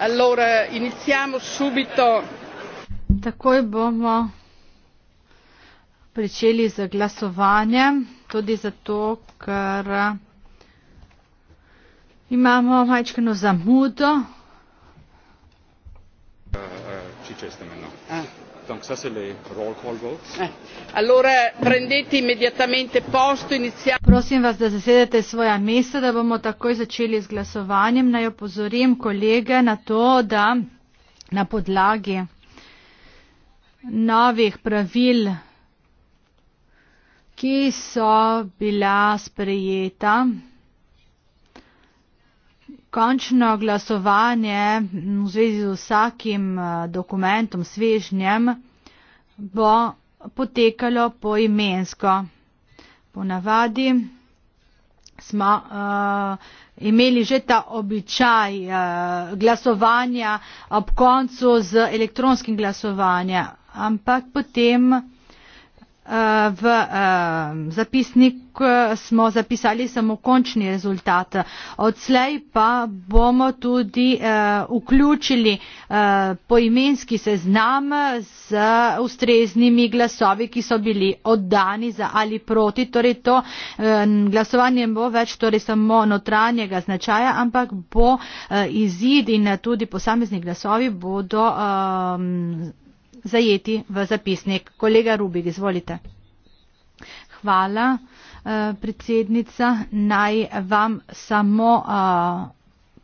Allora, iniziamo subito. Takoj bomo pričeli z glasovanjem, tudi zato, ker eh, imamo majčkeno zamudo. Uh, uh, Eh, allora prendete immediatamente posto, iniziamo. Prosim vas, da zasedete svoja mesta, da bomo takoj začeli z glasovanjem. Naj opozorim kolege na to, da na podlagi novih pravil, ki so bila sprejeta, končno glasovanje v zvezi z vsakim eh, dokumentom, svežnjem, bo potekalo poimensko. Ponavadi smo uh, imeli že ta običaj uh, glasovanja ob koncu z elektronskim glasovanjem, ampak potem Eh, v eh, zapisnik eh, smo zapisali samo končni rezultat. Odslej pa bomo tudi vključili poimenski seznam z ustreznimi glasovi, ki so bili oddani za ali proti. Torej to glasovanje bo več torej samo notranjega značaja, ampak bo izid in tudi posamezni glasovi bodo zajeti v zapisnik. Kolega Rubik, izvolite. Hvala, eh, predsednica. Naj vam samo eh,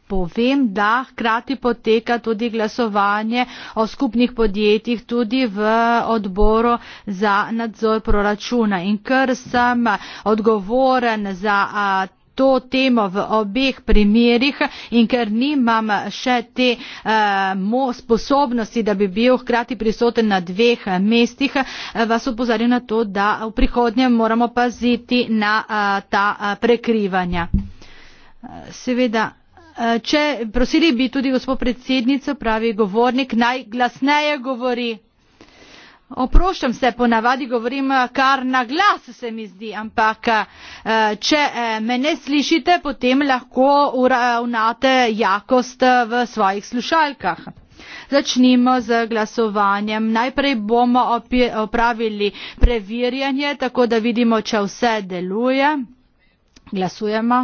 povem, da hkrati poteka tudi glasovanje o skupnih podjetjih tudi v odboru za nadzor proračuna. In ker sem odgovoren za. A, eh, to temo v obeh primerjih in ker nimam še te eh, mo, sposobnosti, da bi bil hkrati prisoten na dveh mestih, eh, vas upozorim na to, da v prihodnje moramo paziti na eh, ta eh, prekrivanja. Eh, seveda, eh, če prosili bi tudi gospod predsednico, pravi govornik, najglasneje govori oproščam se ponavadi govorim eh, kar na glas se mi zdi ampak eh, če eh, me ne slišite potem lahko uravnate jakost v svojih slušalkah Začnimo z glasovanjem. Najprej bomo opravili preverjanje, tako da vidimo, če vse deluje. Glasujemo.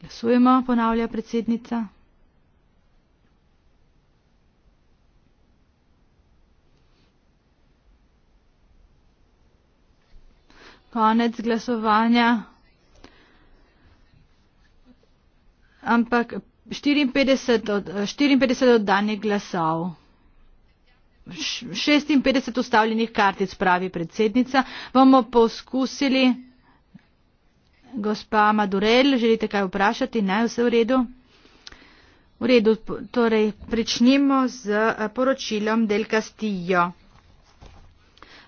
Glasujemo, ponavlja predsednica. konec glasovanja. Ampak 54 od, 54 od danih glasov. 56 ustavljenih kartic, pravi predsednica. Bomo poskusili. Gospa Madurel, želite kaj vprašati? Naj vse v redu? V redu, torej, pričnimo z eh, poročilom Del Castillo.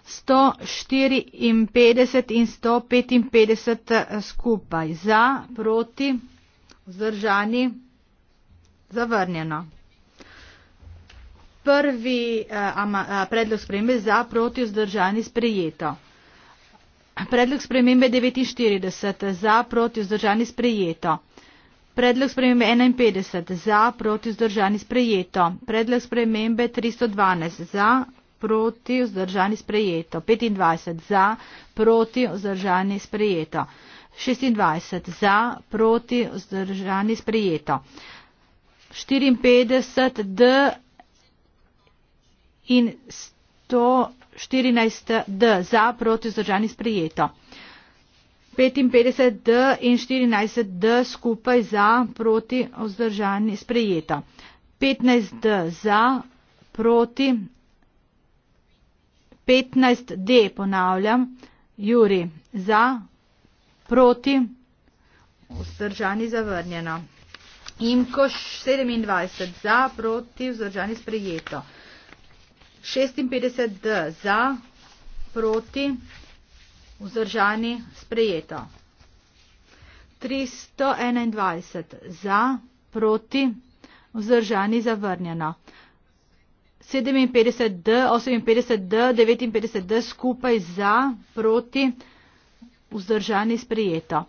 154 in 155 eh, skupaj. Za, proti, vzdržani, zavrnjeno. Prvi eh, ama, eh, predlog spremembe za, proti, vzdržani, sprejeto. Predlog spremembe 49 eh, za, proti, vzdržani, sprejeto. Predlog spremembe 51 za, proti, vzdržani, sprejeto. Predlog spremembe 312 za, proti, vzdržani sprejeto. 25 za, proti, vzdržani sprejeto. 26 za, proti, vzdržani sprejeto. 54 d in 114 d za, proti, vzdržani sprejeto. 55 d in 14 d skupaj za, proti, vzdržani sprejeto. 15 d za, proti, petnajst d ponavljam juri za proti vzdržani zavrnjeno imkoš sedemindvajset za proti vzdržani sprejeto šestinpetdeset d za proti vzdržani sprejeto tristo enaindvajset za proti vzdržani zavrnjeno 57D, 58D, 59D skupaj za, proti, vzdržani sprejeto.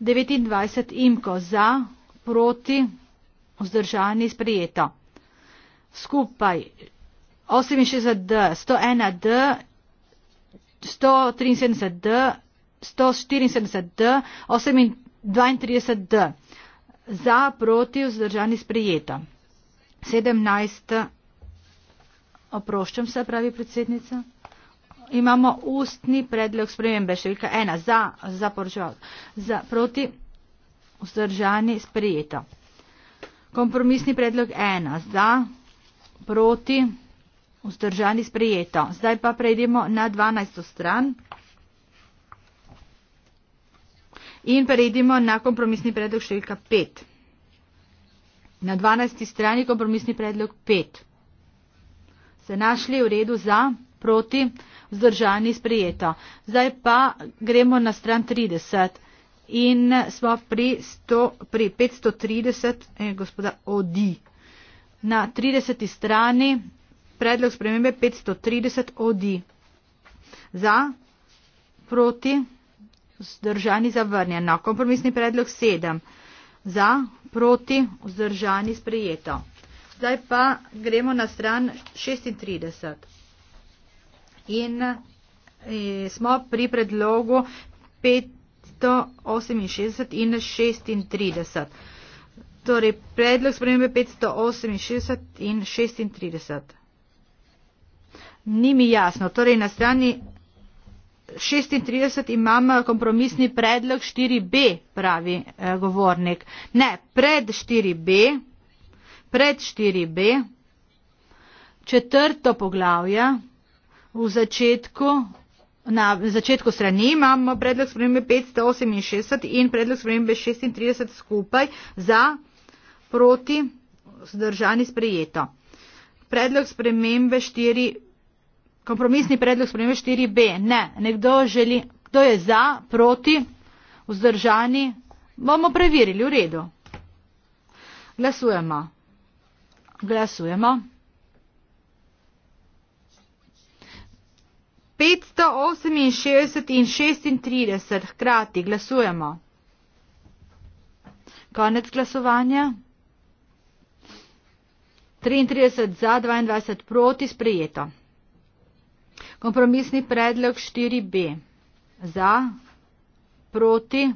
29 imko za, proti, vzdržani sprejeto. Skupaj 68D, 101D, 173D, 174D, 832D. Za, proti, vzdržani sprejeto. 17. Oproščam se, pravi predsednica. Imamo ustni predlog spremembe številka ena za, za poročevalce, za proti vzdržani sprijeto. Kompromisni predlog ena za, proti vzdržani sprijeto. Zdaj pa prejdemo na 12. stran in prejdemo na kompromisni predlog številka pet. Na 12. strani kompromisni predlog pet se našli v redu za, proti, vzdržani, sprijeto. Zdaj pa gremo na stran 30 in smo pri, 100, pri 530, eh, gospoda, odi. Na 30. strani predlog spremembe 530 odi. Za, proti, vzdržani, zavrnjeno. Kompromisni predlog 7. Za, proti, vzdržani, sprijeto. Zdaj pa gremo na stran 36. In eh, smo pri predlogu 568 in 36. Torej, predlog spremembe 568 in 36. Ni mi jasno. Torej, na strani 36 imam kompromisni predlog 4b, pravi eh, govornik. Ne, pred 4b pred 4b, četrto poglavje, v začetku, na začetku strani imamo predlog spremembe 568 in predlog spremembe 36 skupaj za proti zdržani sprejeto. Predlog spremembe 4, kompromisni predlog spremembe 4b, ne, nekdo želi, kdo je za, proti, vzdržani, bomo preverili v redu. Glasujemo. Glasujemo. 568 in 36 hkrati glasujemo. Konec glasovanja. 33 za, 22 proti, sprejeto. Kompromisni predlog 4b. Za, proti,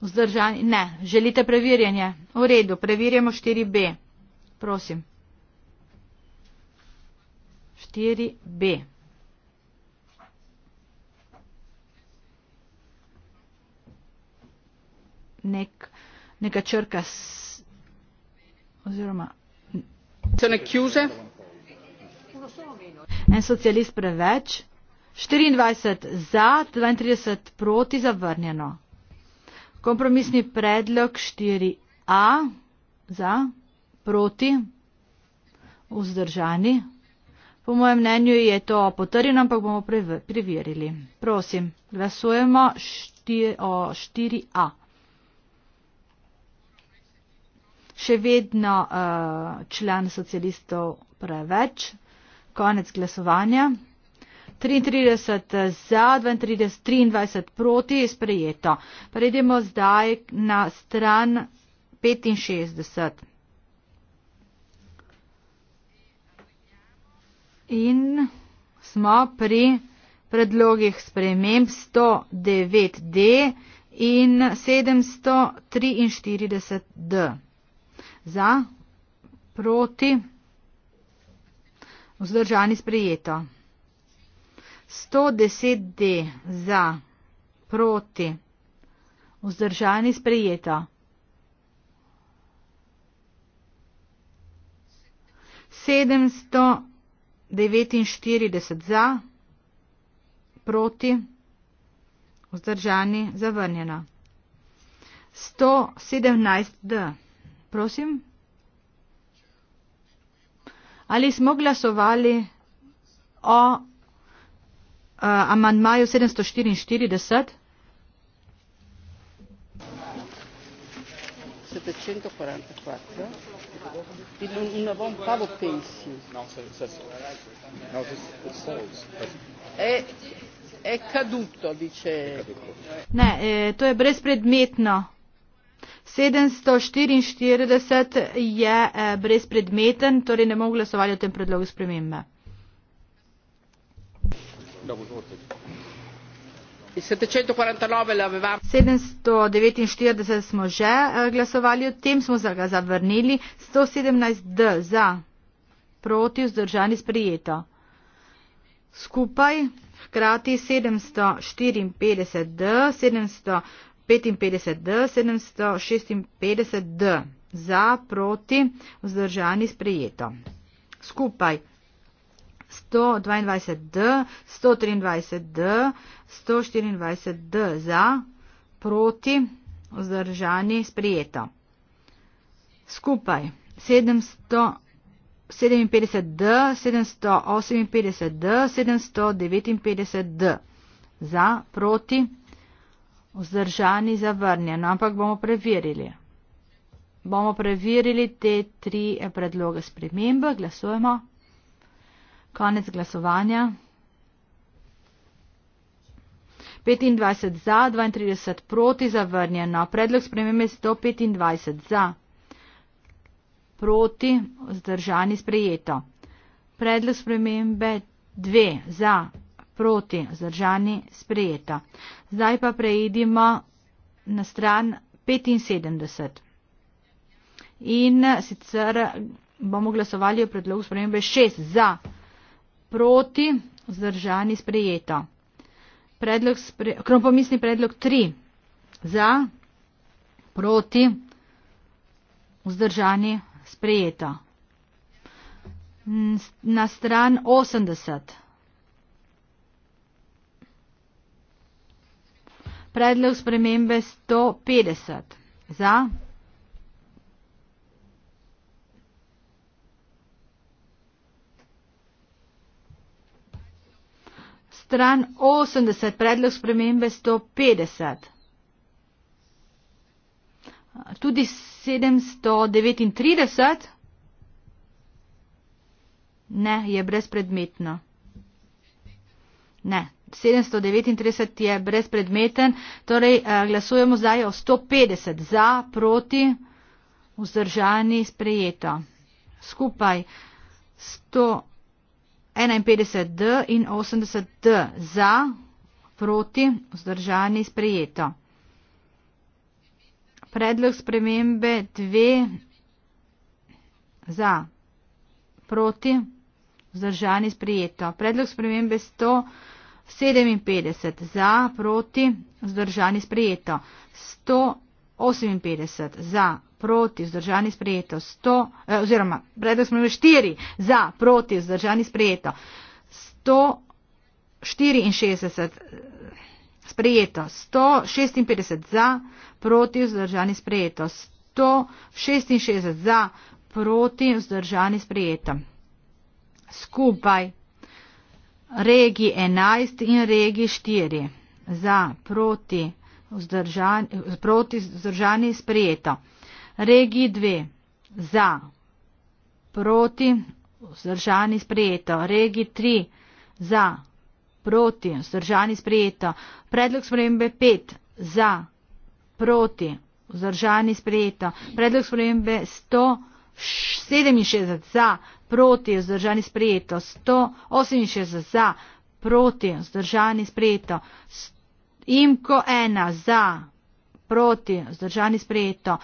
vzdržani. Ne, želite preverjanje? V redu, preverjamo 4B. Prosim. 4B. Nek, neka črka s, oziroma. Se ne kjuze? En socialist preveč. 24 za, 32 proti zavrnjeno. Kompromisni predlog 4. A za, proti, vzdržani. Po mojem mnenju je to potrjeno, ampak bomo preverili. Prosim, glasujemo štir, o 4A. Še vedno uh, član socialistov preveč. Konec glasovanja. 33 eh, za, 32, 23 proti, sprejeto. Predemo zdaj na stran. 65. In smo pri predlogih sprememb 109d in 743d. Za, proti, vzdržani sprejeto. 110d za, proti, vzdržani sprejeto. 743d. 749 za, proti, vzdržani, zavrnjeno. 117 d, prosim. Ali smo glasovali o uh, amandmaju 744? 1744 nous n'avons pas voté ici. Non, ça c'est. È caduto, dice. Ne, eh, to je brezpredmetno. 744 je eh, brezpredmeten, torej ne bomo glasovali o tem predlogu spremembe. Dobro, 749 smo že glasovali o tem, smo ga zavrnili. 117 D za, proti, vzdržani, sprijeto. Skupaj hkrati 754 D, 755 D, 756 D za, proti, vzdržani, sprijeto. Skupaj 122D, 123D, 124D za, proti, vzdržani, sprijeto. Skupaj 757D, 758D, 759D za, proti, vzdržani, zavrnjeno. Ampak bomo preverili. Bomo preverili te tri predloge spremembe. Glasujemo. Konec glasovanja. 25 za, 32 proti, zavrnjeno. Predlog spremembe 125 za, proti, zdržani sprejeto. Predlog spremembe 2 za, proti, zdržani sprejeto. Zdaj pa preidimo na stran 75. In sicer bomo glasovali o predlogu spremembe 6 za, proti proti vzdržani sprejeto. Predlog spre, krompomisni predlog 3 za proti vzdržani sprejeto. Na stran 80. Predlog spremembe 150 za. stran 80, predlog spremembe 150. Tudi 739 ne, je brezpredmetno. Ne, 739 je brezpredmeten, torej eh, glasujemo zdaj o 150 za, proti, vzdržani, sprejeto. Skupaj 100. 51D in 80D za, proti, vzdržani, sprejeto. Predlog spremembe 2 za, proti, vzdržani, sprejeto. Predlog spremembe 157 za, proti, vzdržani, sprejeto. 158 za, proti, vzdržani sprejeto, sto, eh, oziroma predlog smo imeli štiri za, proti, vzdržani sprejeto, sto štiri in šestdeset sprejeto, sto šestinpetdeset za, proti, vzdržani sprejeto, sto šestinšestdeset za, proti, vzdržani sprejeto. Skupaj regi enajst in regi štiri za, proti, vzdržani, proti, vzdržani sprejeto. Regiji dve. Za. Proti. Vzdržani sprejeto. Regiji tri. Za. Proti. Vzdržani sprejeto. Predlog spremembe pet. Za. Proti. Vzdržani sprejeto. Predlog spremembe sto. 67 za, proti, vzdržani sprejeto, 168 za, proti, vzdržani sprejeto, imko 1 za, proti, vzdržani sprejeto,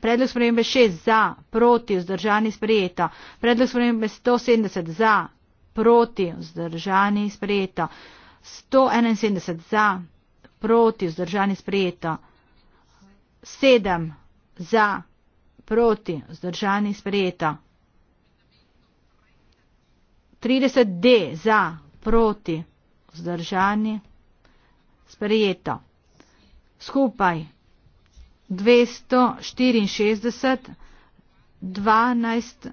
Predlog spremembe 6 za, proti, vzdržani, sprejeto. Predlog spremembe 170 za, proti, vzdržani, sprejeto. 171 za, proti, vzdržani, sprejeto. 7 za, proti, vzdržani, sprejeto. 30D za, proti, vzdržani, sprejeto. Skupaj 264, 12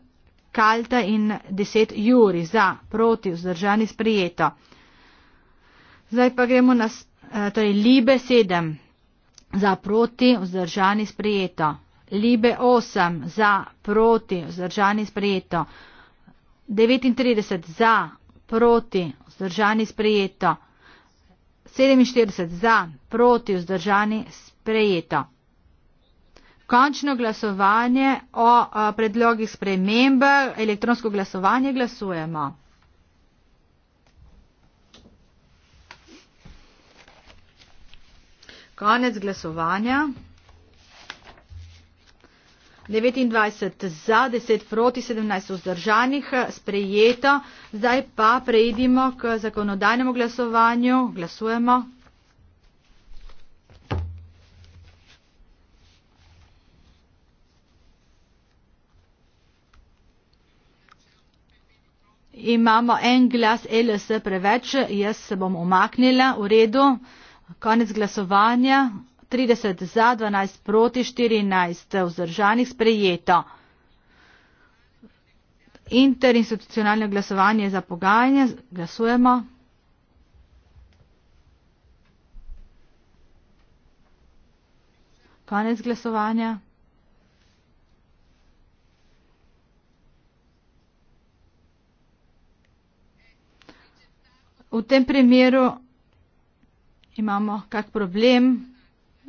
kalta in 10 juri za, proti, vzdržani sprijeto. Zdaj pa gremo na eh, torej, Libe 7 za, proti, vzdržani sprijeto. Libe 8 za, proti, vzdržani sprijeto. 39 za, proti, vzdržani sprijeto. 47 za, proti, vzdržani sprijeto končno glasovanje o predlogih spremembe, elektronsko glasovanje glasujemo. Konec glasovanja. 29 za, 10 proti, 17 vzdržanih, sprejeto. Zdaj pa prejdimo k zakonodajnemu glasovanju. Glasujemo. imamo en glas LS preveč, jaz se bom omaknila, v redu. Konec glasovanja, 30 za, 12 proti, 14 vzdržanih, sprejeto. Interinstitucionalno glasovanje za pogajanje, glasujemo. Konec glasovanja. v tem primeru imamo kak problem.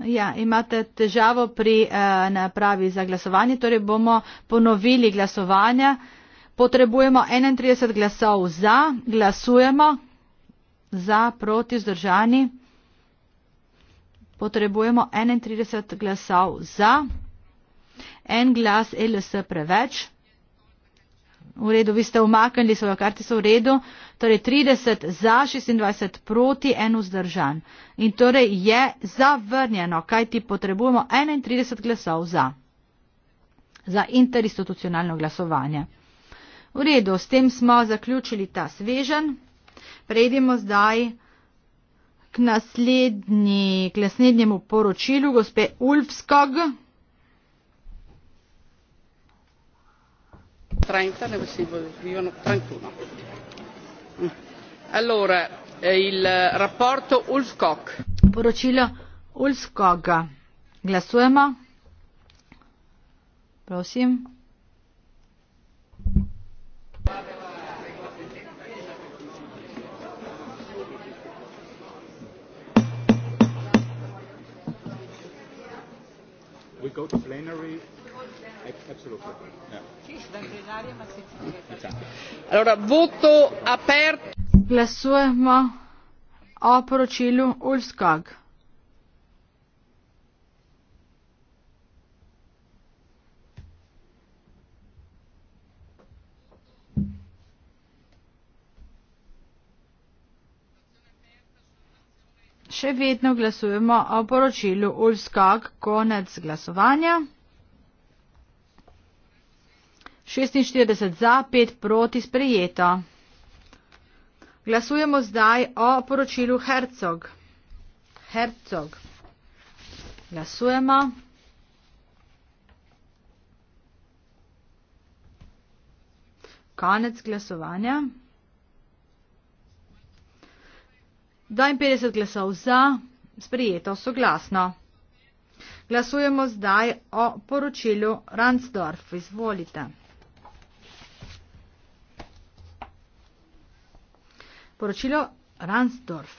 Ja, imate težavo pri eh, napravi za glasovanje, torej bomo ponovili glasovanje. Potrebujemo 31 glasov za, glasujemo za, proti, zdržani. Potrebujemo 31 glasov za, en glas LS preveč. V redu, vi ste umaknili svojo kartico, v redu. Torej 30 za, 26 proti, en vzdržan. In torej je zavrnjeno, kaj ti potrebujemo 31 glasov za. Za interinstitucionalno glasovanje. V redu, s tem smo zaključili ta svežen. Prejdemo zdaj k naslednji, k naslednjemu poročilu gospe Ulfskog. 30 le persone vivono 31. Mm. Allora, il eh, rapporto Ulfkog. Porocilo Ulfkog. Glasujemo. Prosim. We go to plenary voto aperto glasujemo o poročilu ulskog Še vedno glasujemo o poročilu Ulskog konec glasovanja. 46 za, 5 proti sprejeto. Glasujemo zdaj o poročilu Hercog. Hercog. Glasujemo. Konec glasovanja. 52 glasov za, sprijeto soglasno. Glasujemo zdaj o poročilu Ransdorf. Izvolite. Poročilo Ransdorf.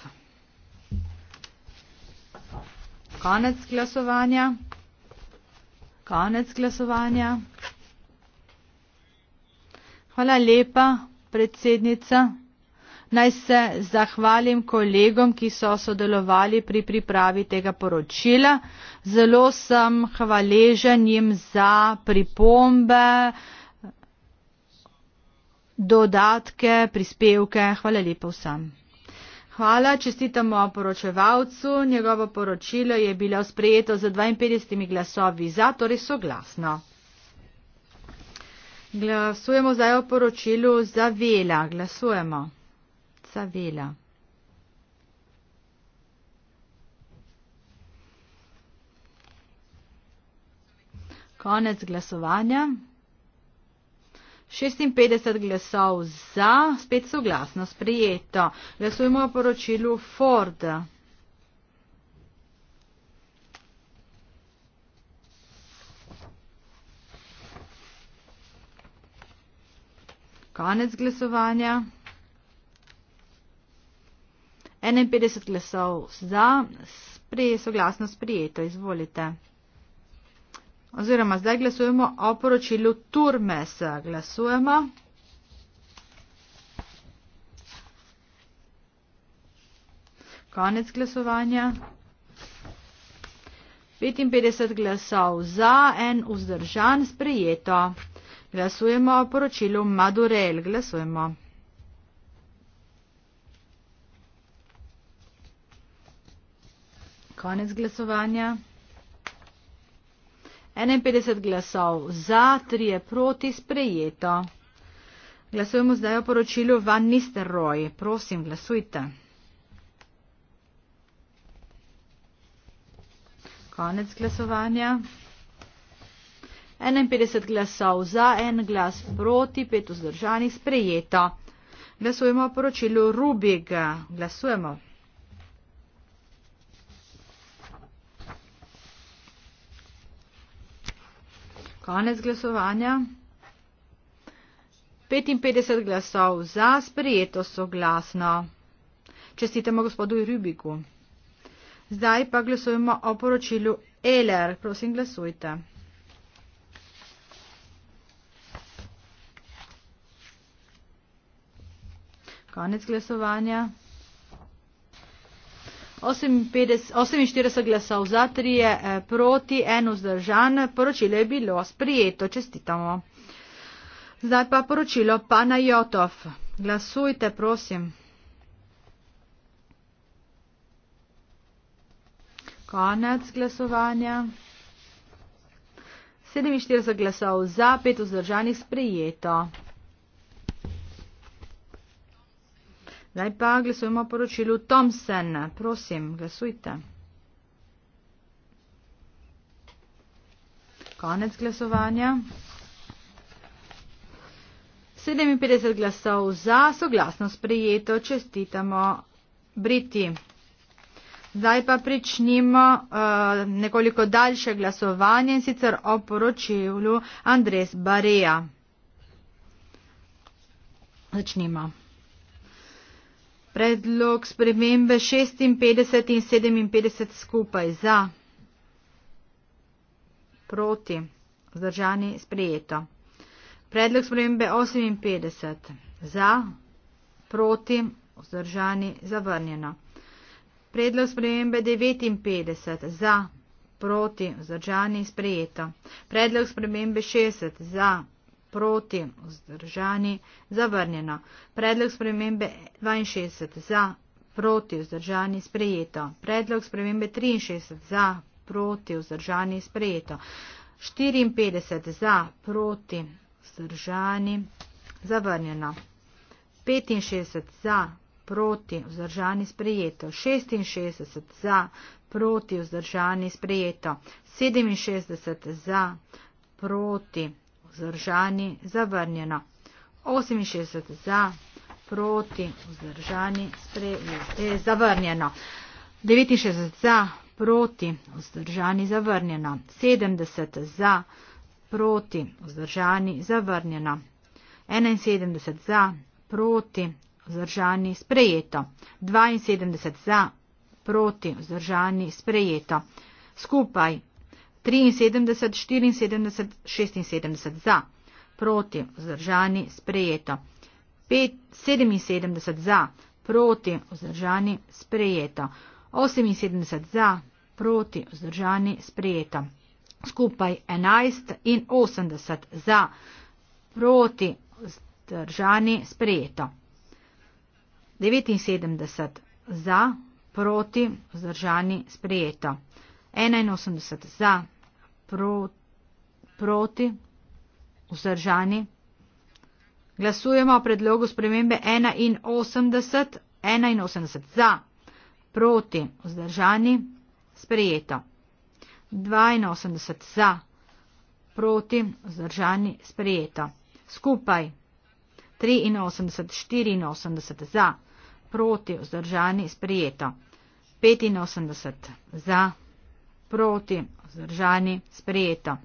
Konec glasovanja. Konec glasovanja. Hvala lepa, predsednica. Naj se zahvalim kolegom, ki so sodelovali pri pripravi tega poročila. Zelo sem hvaležen jim za pripombe, dodatke, prispevke. Hvala lepo vsem. Hvala, čestitamo poročevalcu. Njegovo poročilo je bilo sprejeto z 52 glasovi za, torej soglasno. Glasujemo zdaj o poročilu za Vela. Glasujemo za Vela. Konec glasovanja. 56 glasov za, spet soglasno sprijeto. Glasujemo o poročilu Ford. Konec glasovanja. 51 glasov za, spri, soglasno sprijeto, izvolite. Oziroma, zdaj glasujemo o poročilu Turmesa. Glasujemo. Konec glasovanja. 55 glasov za, en vzdržan, sprejeto. Glasujemo o poročilu Madurel. Glasujemo. Konec glasovanja. 51 glasov za, 3 proti, sprejeto. Glasujemo zdaj o poročilu Van Nisterroj. Prosim, glasujte. Konec glasovanja. 51 glasov za, en glas proti, pet vzdržanih, sprejeto. Glasujemo o poročilu Rubiga. Glasujemo. Konec glasovanja. 55 glasov za sprejeto soglasno. Čestitamo gospodu Rubiku. Zdaj pa glasujemo o poročilu Eler. Prosim, glasujte. Konec glasovanja. 48 glasov za, 3 eh, proti, 1 vzdržan. Poročilo je bilo sprijeto, čestitamo. Zdaj pa poročilo pana Jotov. Glasujte, prosim. Konec glasovanja. 47 glasov za, 5 vzdržanih sprijeto. Zdaj pa glasujemo poročilu Tomsena. Prosim, glasujte. Konec glasovanja. 57 glasov za, soglasno sprejeto, čestitamo Briti. Zdaj pa pričnimo uh, nekoliko daljše glasovanje in sicer o poročilu Andres Bareja. Začnimo. Predlog spremembe 56 in 57 skupaj za, proti, zdržani sprejeto. Predlog spremembe 58 za, proti, vzdržani zavrnjeno. Predlog spremembe 59 za, proti, vzdržani sprejeto. Predlog spremembe 60 za, proti, vzdržani, zavrnjeno. Predlog spremembe 62 za, proti, vzdržani, sprejeto. Predlog spremembe 63 za, proti, vzdržani, sprejeto. 54 za, proti, vzdržani, zavrnjeno. 65 za, proti, vzdržani, sprejeto. 66 za, proti, vzdržani, sprejeto. 67 za, proti, vzdržani, sprejeto vzdržani, zavrnjeno. 68 za, proti, vzdržani, sprejeti, eh, zavrnjeno. 69 za, proti, vzdržani, zavrnjeno. 70 za, proti, vzdržani, zavrnjeno. 71 za, proti, vzdržani, sprejeto. 72 za, proti, vzdržani, sprejeto. Skupaj 73, 74, 76 za, proti, vzdržani, sprejeto. 5, 77 za, proti, vzdržani, sprejeto. 78 za, proti, vzdržani, sprejeto. Skupaj 11 in 80 za, proti, vzdržani, sprejeto. 79 za, proti, vzdržani, sprejeto. 81 za, pro, proti, vzdržani. Glasujemo o predlogu spremembe 81, 81 za, proti, vzdržani, sprejeto. 82 za, proti, vzdržani, sprejeto. Skupaj 83, 84 za, proti, vzdržani, sprejeto. 85 za proti, vzdržani, sprejeto.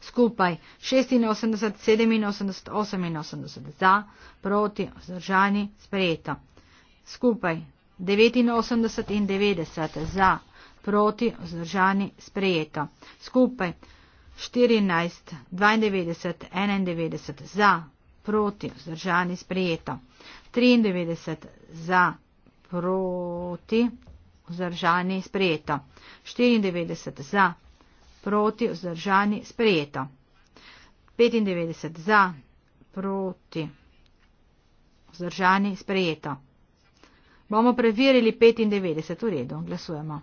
Skupaj 86, 87, 88 za, proti, vzdržani, sprejeto. Skupaj 89 in 90 za, proti, vzdržani, sprejeto. Skupaj 14, 92, 91 za, proti, vzdržani, sprejeto. 93 za, proti, vzdržani sprejeto. 94 za, proti vzdržani sprejeto. 95 za, proti vzdržani sprejeto. Bomo preverili 95 v redu. Glasujemo.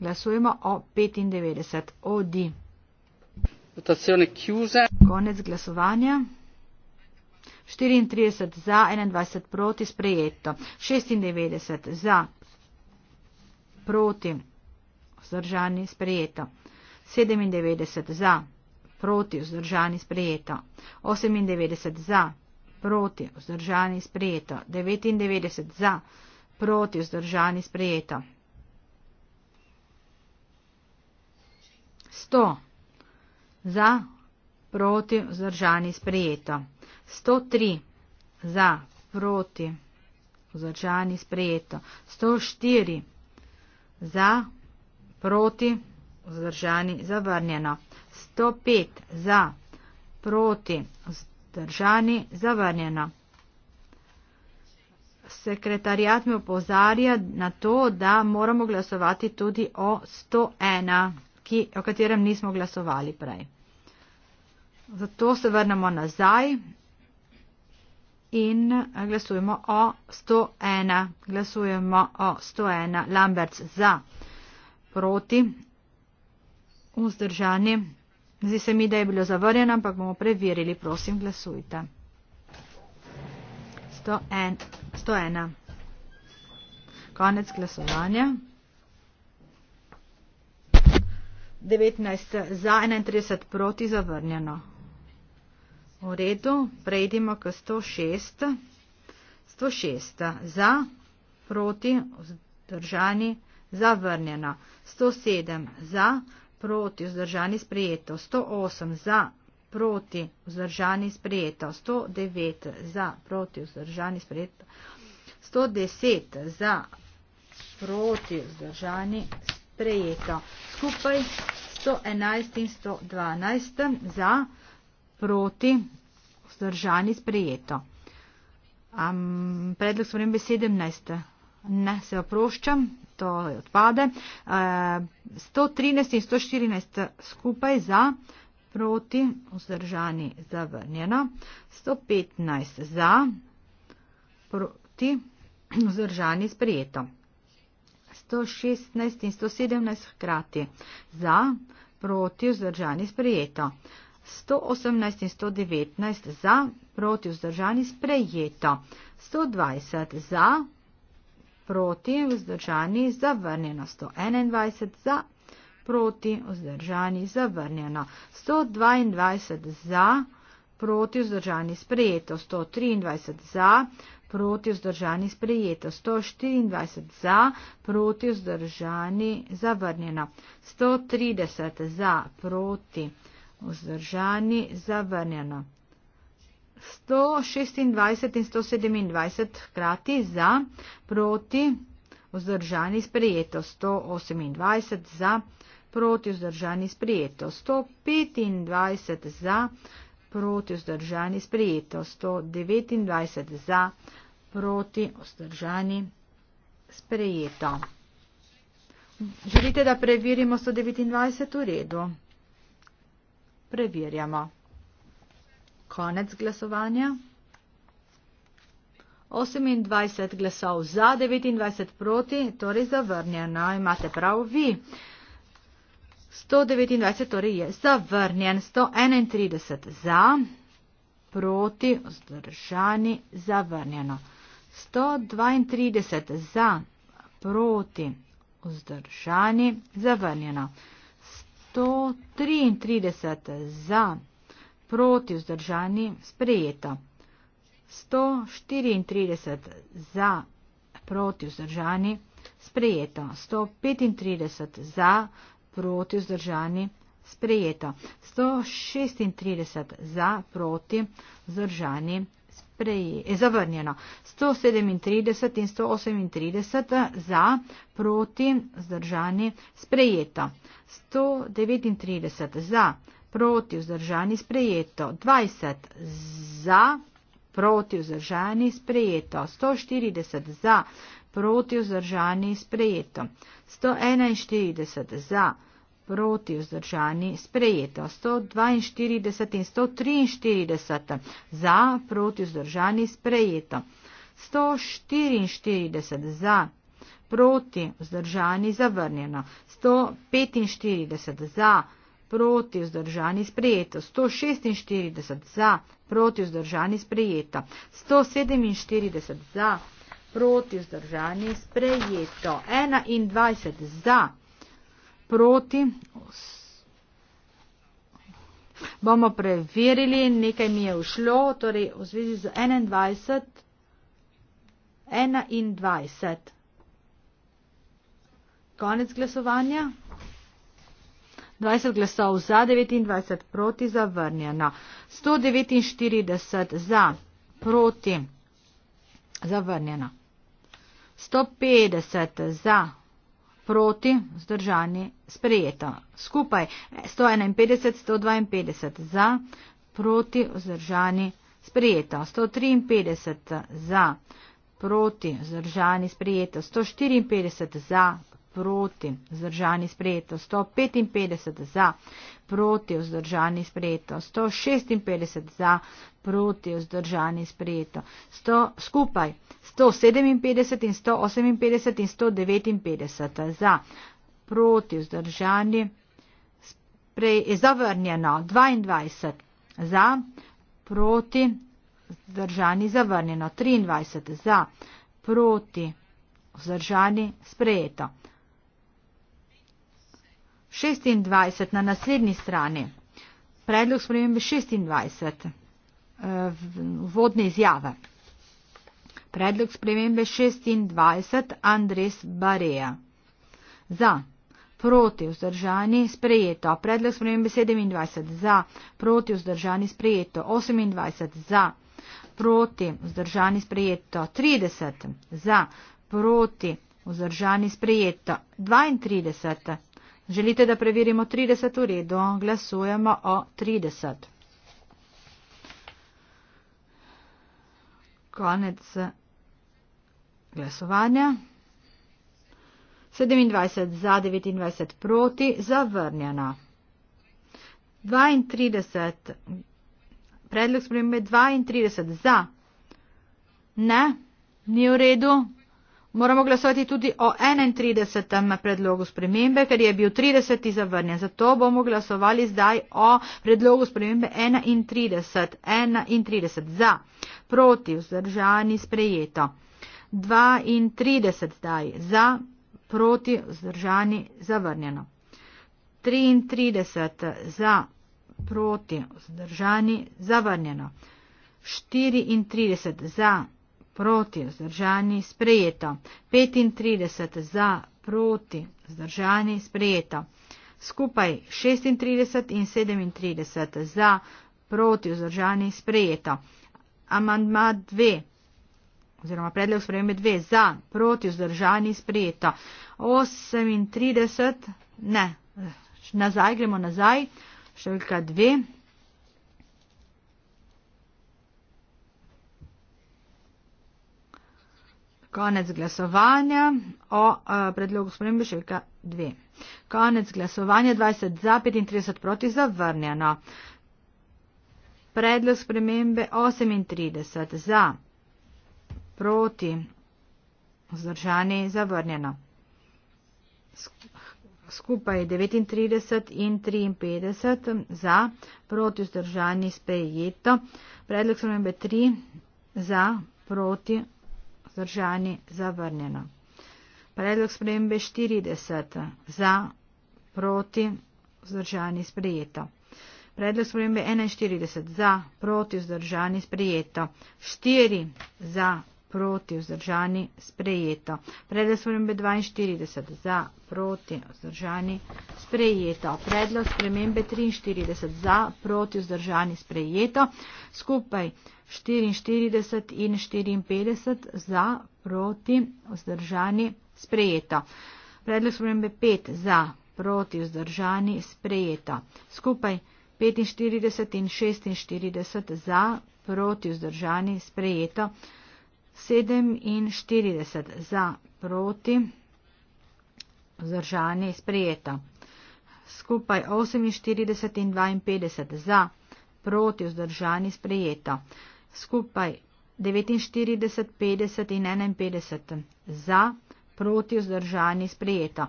Glasujemo o 95. Odi. Votazione chiusa. Konec glasovanja. 34 za, 21 proti, sprejeto. 96 za, proti, vzdržani sprejeto, 97 za, proti, vzdržani sprejeto, 98 za, proti, vzdržani sprejeto, 99 za, proti, vzdržani sprejeto. 100 za, proti, vzdržani sprejeto, 103 za, proti, vzdržani sprejeto, 104 za, za, proti, vzdržani, zavrnjeno. 105 za, proti, vzdržani, zavrnjeno. Sekretarjat mi upozarja na to, da moramo glasovati tudi o 101, ki, o katerem nismo glasovali prej. Zato se vrnemo nazaj in glasujemo o 101. Glasujemo o 101. Lamberts za, proti, vzdržani. Zdi se mi, da je bilo zavrjeno, ampak bomo preverili. Prosim, glasujte. 101. 101. Konec glasovanja. 19 za, 31 proti, zavrnjeno. V redu, prejdimo k 106. 106. Za, proti, vzdržani, zavrnjeno. 107. Za, proti, vzdržani, sprejeto. 108. Za, proti, vzdržani, sprejeto. 109. Za, proti, vzdržani, sprejeto. 110. Za, proti, vzdržani, sprejeto. Skupaj 111 in 112. Za, proti, vzdržani, sprejeto proti, vzdržani sprejeto. Um, predlog spremembe 17. Ne, se oproščam, to odpade. Uh, e, 113 in 114 skupaj za, proti, vzdržani, zavrnjeno. 115 za, proti, vzdržani, sprejeto. 116 in 117 hkrati za, proti, vzdržani, sprejeto. 118 in 119 za, proti vzdržani sprejeto. 120 za, proti vzdržani zavrnjeno. 121 za, proti vzdržani zavrnjeno. 122 za, proti vzdržani sprejeto. 123 za, proti vzdržani sprejeto. 124 za, proti vzdržani zavrnjeno. 130 za, proti vzdržani sprejeto vzdržani, zavrnjeno. 126 in 127 hkrati za, proti, vzdržani, sprejeto. 128 za, proti, vzdržani, sprejeto. 125 za, proti, vzdržani, sprejeto. 129 za, proti, vzdržani, sprejeto. Želite, da preverimo 129 v redu? preverjamo. Konec glasovanja. 28 glasov za, 29 proti, torej zavrnjeno. Imate prav vi. 129 torej je zavrnjen, 131 za, proti, zdržani, zavrnjeno. 132 za, proti, zdržani, zavrnjeno. 133 za, proti vzdržani, sprejeta. 134 za, proti vzdržani, sprejeta. 135 za, proti vzdržani, sprejeta. 136 za, proti vzdržani, sprejeta. Prej, zavrnjeno 137 in 138 za, proti, zdržani, sprejeto 139 za, proti, vzdržani, sprejeto 20 za, proti, vzdržani, sprejeto 140 za, proti, vzdržani, sprejeto 141 za, proti, proti vzdržani sprejeto 142 in 143 za proti vzdržani sprejeto 144 za proti vzdržani zavrnjeno 145 za proti vzdržani sprejeto 146 za proti vzdržani sprejeto 147 za proti vzdržani sprejeto 21 za proti vzdržani sprejeto proti. Bomo preverili, nekaj mi je ušlo, torej v zvezi z 21. 21. Konec glasovanja. 20 glasov za, 29 proti, zavrnjeno. 149 za, proti, zavrnjeno. 150 za, proti, vzdržani, sprejeto. Skupaj 151, 152 za, proti, vzdržani, sprejeto. 153 za, proti, vzdržani, sprejeto. 154 za, proti, vzdržani, sprejeto. 155 za, proti vzdržani sprejeto, 156 za proti vzdržani sprejeto, 100, skupaj 157 in 158 in 159 za proti vzdržani sprejeto, zavrnjeno 22 za proti vzdržani zavrnjeno 23 za proti vzdržani sprejeto. 26 na naslednji strani. Predlog spremembe 26. Eh, vodne izjave. Predlog spremembe 26. Andres Bareja. Za. Proti vzdržani sprejeto. Predlog spremembe 27. Za. Proti vzdržani sprejeto. 28. Za. Proti vzdržani sprejeto. 30. Za. Proti vzdržani sprejeto. 32. Za. Želite, da preverimo 30 v redu? Glasujemo o 30. Konec glasovanja. 27 za, 29 proti, zavrnjena. 32, predlog spremembe 32 za, ne, ni v redu, Moramo glasovati tudi o 31. predlogu spremembe, ker je bil 30. zavrnjen. Zato bomo glasovali zdaj o predlogu spremembe 31. 31. Za, proti, vzdržani, sprejeto. 32 zdaj za, proti, vzdržani, zavrnjeno. 33 za, proti, vzdržani, zavrnjeno. 34 za, proti vzdržani sprejeto, 35 za proti vzdržani sprejeto, skupaj 36 in 37 za proti vzdržani sprejeto. Amandma 2 oziroma predlog spremembe 2 za proti vzdržani sprejeto, 38 ne, nazaj gremo nazaj, številka 2. Konec glasovanja o a, eh, predlogu spremembe številka 2. Konec glasovanja 20 za, 35 proti zavrnjeno. Predlog spremembe 38 za, proti, vzdržani, zavrnjeno. Skupaj 39 in 53 za, proti, vzdržani, sprejeto. Predlog spremembe 3 za, proti, vzdržani vzdržani zavrnjeno. Predlog spremembe 40 za proti vzdržani sprejeto. Predlog spremembe 41 za proti vzdržani sprejeto. 4 za proti vzdržani sprejeto. Predlog spremembe 42 za proti vzdržani sprejeto. Predlog spremembe 43 za proti vzdržani sprejeto. Skupaj 44 in 54 za proti vzdržani sprejeto. Predlog spremembe 5 za proti vzdržani sprejeto. Skupaj 45 in 46 za proti vzdržani sprejeto. 47 za proti vzdržanje sprejeta. Skupaj 48 in 52 za proti vzdržanje sprejeta. Skupaj 49, 50 in 51 za proti vzdržanje sprejeta.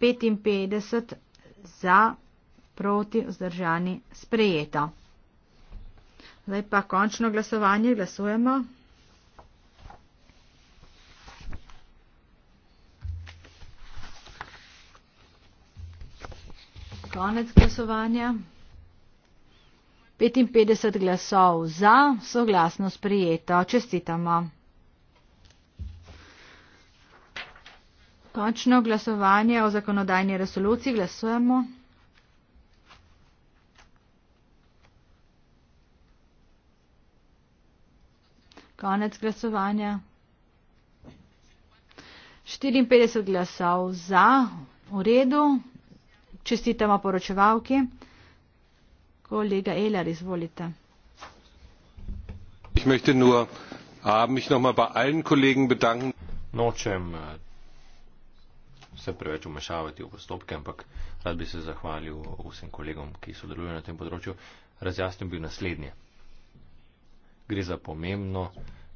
55 za proti vzdržanje sprejeta. Zdaj pa končno glasovanje glasujemo. konec glasovanja. 55 glasov za, soglasno sprijeto. Čestitamo. Končno glasovanje o zakonodajni resoluciji glasujemo. Konec glasovanja. 54 glasov za, v redu, čestitamo poročevalki. Kolega Elar, izvolite. Ich möchte nur mich nochmal bei allen Kollegen bedanken. Nočem eh, se preveč umešavati v postopke, ampak rad bi se zahvalil vsem kolegom, ki sodelujejo na tem področju. Razjasnil bi naslednje. Gre za pomembno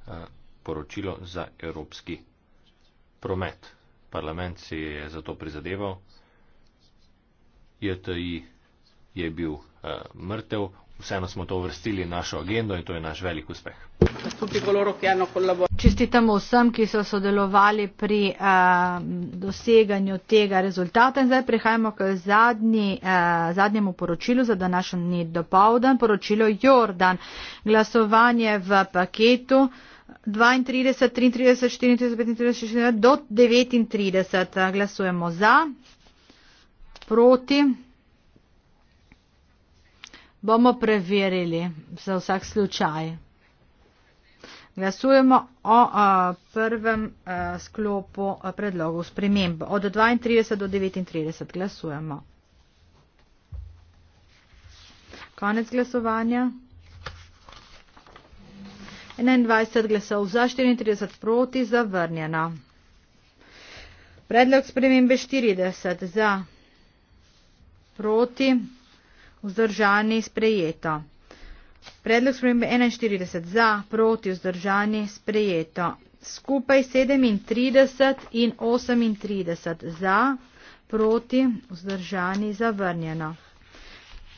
eh, poročilo za evropski promet. Parlament si je za to prizadeval. JTI je bil uh, mrtev. Vseeno smo to uvrstili v našo agendo in to je naš velik uspeh. Čestitamo vsem, ki so sodelovali pri a, eh, doseganju tega rezultata. In zdaj prehajamo k zadnji, a, eh, zadnjemu poročilu za današnji dopoldan, poročilo Jordan. Glasovanje v paketu 32, 33, 34, 35, 36 do 39. Glasujemo za proti. Bomo preverili za vsak slučaj. Glasujemo o a, prvem a, sklopu predlogov sprememb. Od 32 do 39 glasujemo. Konec glasovanja. 21 glasov za, 34 proti, zavrnjeno. Predlog spremembe 40 za proti, vzdržani, sprejeto. Predlog spremembe 41 za, proti, vzdržani, sprejeto. Skupaj 37 in 38 za, proti, vzdržani, zavrnjeno.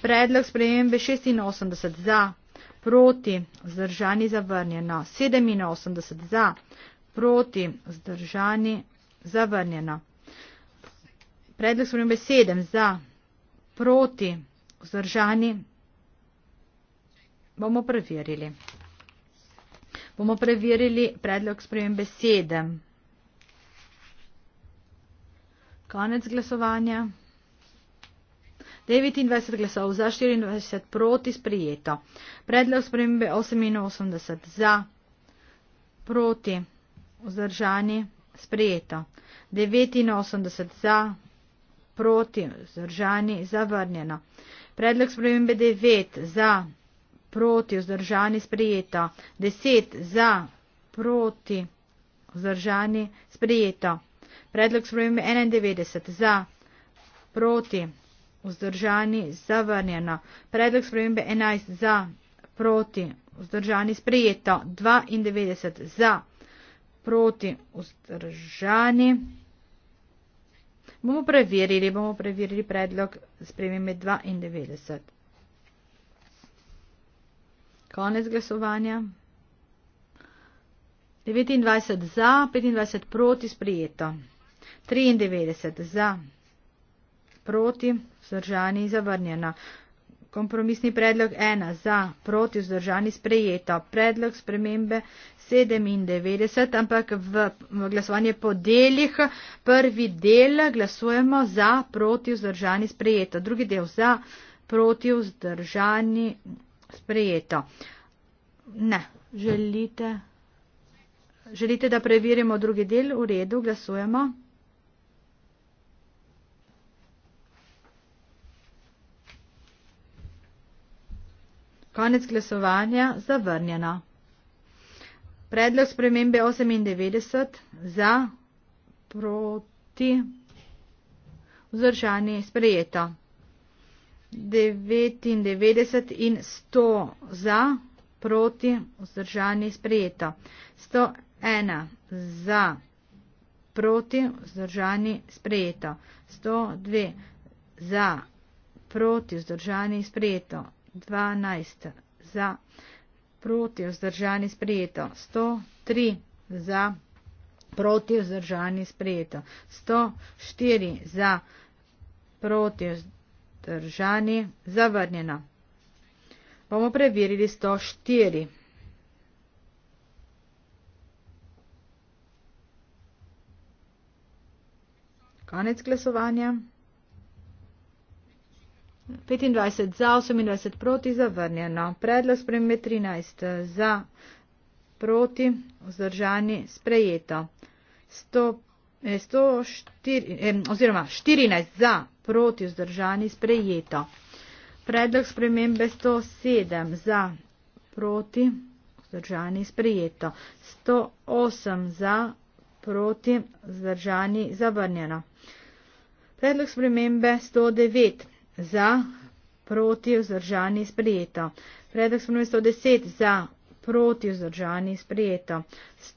Predlog spremembe 86 za, proti, vzdržani, zavrnjeno. 87 za, proti, vzdržani, zavrnjeno. Predlog spremembe 7 za, proti, vzdržani, bomo preverili. Bomo preverili predlog sprejem besede. Konec glasovanja. 29 glasov za, 24 proti sprejeto. Predlog spremembe 88 za, proti, vzdržani, sprejeto. 89 za, proti, vzdržani, zavrnjeno. Predlog spremembe 9 za, proti, vzdržani, sprijeto. 10 za, proti, vzdržani, sprijeto. Predlog spremembe 91 za, proti, vzdržani, zavrnjeno. Predlog spremembe 11 za, proti, vzdržani, sprijeto. 92 za, proti, vzdržani, sprijeto. Bomo preverili, bomo preverili predlog spremembe 92. Konec glasovanja. 29 za, 25 proti, sprijeto. 93 za, proti, vzdržani, zavrnjena. Kompromisni predlog 1 za, proti vzdržani sprejeto. Predlog spremembe 97, ampak v, v glasovanje po delih. Prvi del glasujemo za, proti vzdržani sprejeto. Drugi del za, proti vzdržani sprejeto. Ne, želite, želite, da preverimo drugi del? V redu, glasujemo. Konec glasovanja zavrnjeno. Predlog spremembe 98 za proti vzdržani sprejeto. 99 in 100 za proti vzdržani sprejeto. 101 za proti vzdržani sprejeto. 102 za proti vzdržani sprejeto. 12 za, proti vzdržani sprejeto, 103 za, proti vzdržani sprejeto, 104 za, proti vzdržani zavrnjeno. Bomo preverili 104. Konec glasovanja. 25 za, 28 proti, zavrnjeno. Predlog spremembe 13 za, proti, vzdržani, sprejeto. 100, eh, 104, eh, oziroma 14 za, proti, vzdržani, sprejeto. Predlog spremembe 107 za, proti, vzdržani, sprejeto. 108 za, proti, vzdržani, zavrnjeno. Predlog spremembe 109 za, proti vzdržani sprejeto. Predlog smo imeli 110 za, proti vzdržani sprejeto.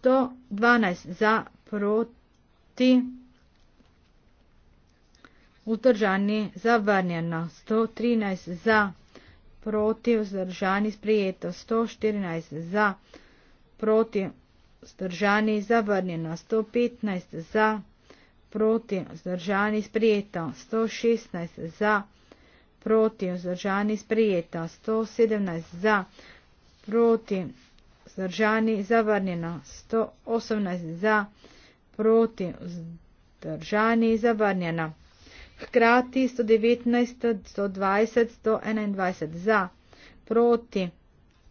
112 za, proti vzdržani zavrnjeno. 113 za, proti vzdržani sprejeto. 114 za, proti vzdržani zavrnjeno. 115 za, proti vzdržani sprejeto. 116 za, proti proti, vzdržani sprijeta, 117 za, proti, vzdržani zavrnjeno, 118 za, proti, vzdržani zavrnjeno. Hkrati 119, 120, 121 za, proti,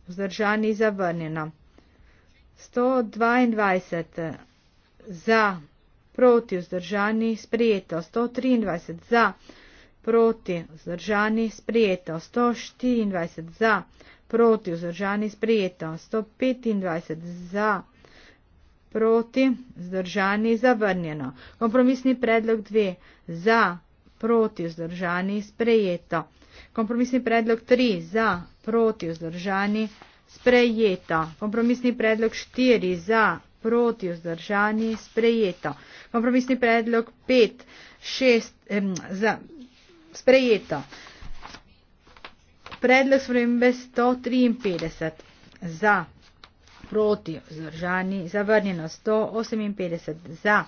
vzdržani zavrnjeno. 122 za, proti, vzdržani sprijeto, 123 za, proti, proti vzdržani sprijeto, 124 za, proti vzdržani sprijeto, 125 za, proti vzdržani zavrnjeno. Kompromisni predlog 2 za, proti vzdržani sprijeto. Kompromisni predlog 3 za, proti vzdržani sprijeto. Kompromisni predlog 4 za, proti vzdržani sprijeto. Kompromisni predlog 5, 6, eh, za sprejeto. Predlog spremembe 153 za, proti, zdržani, zavrnjeno 158 za,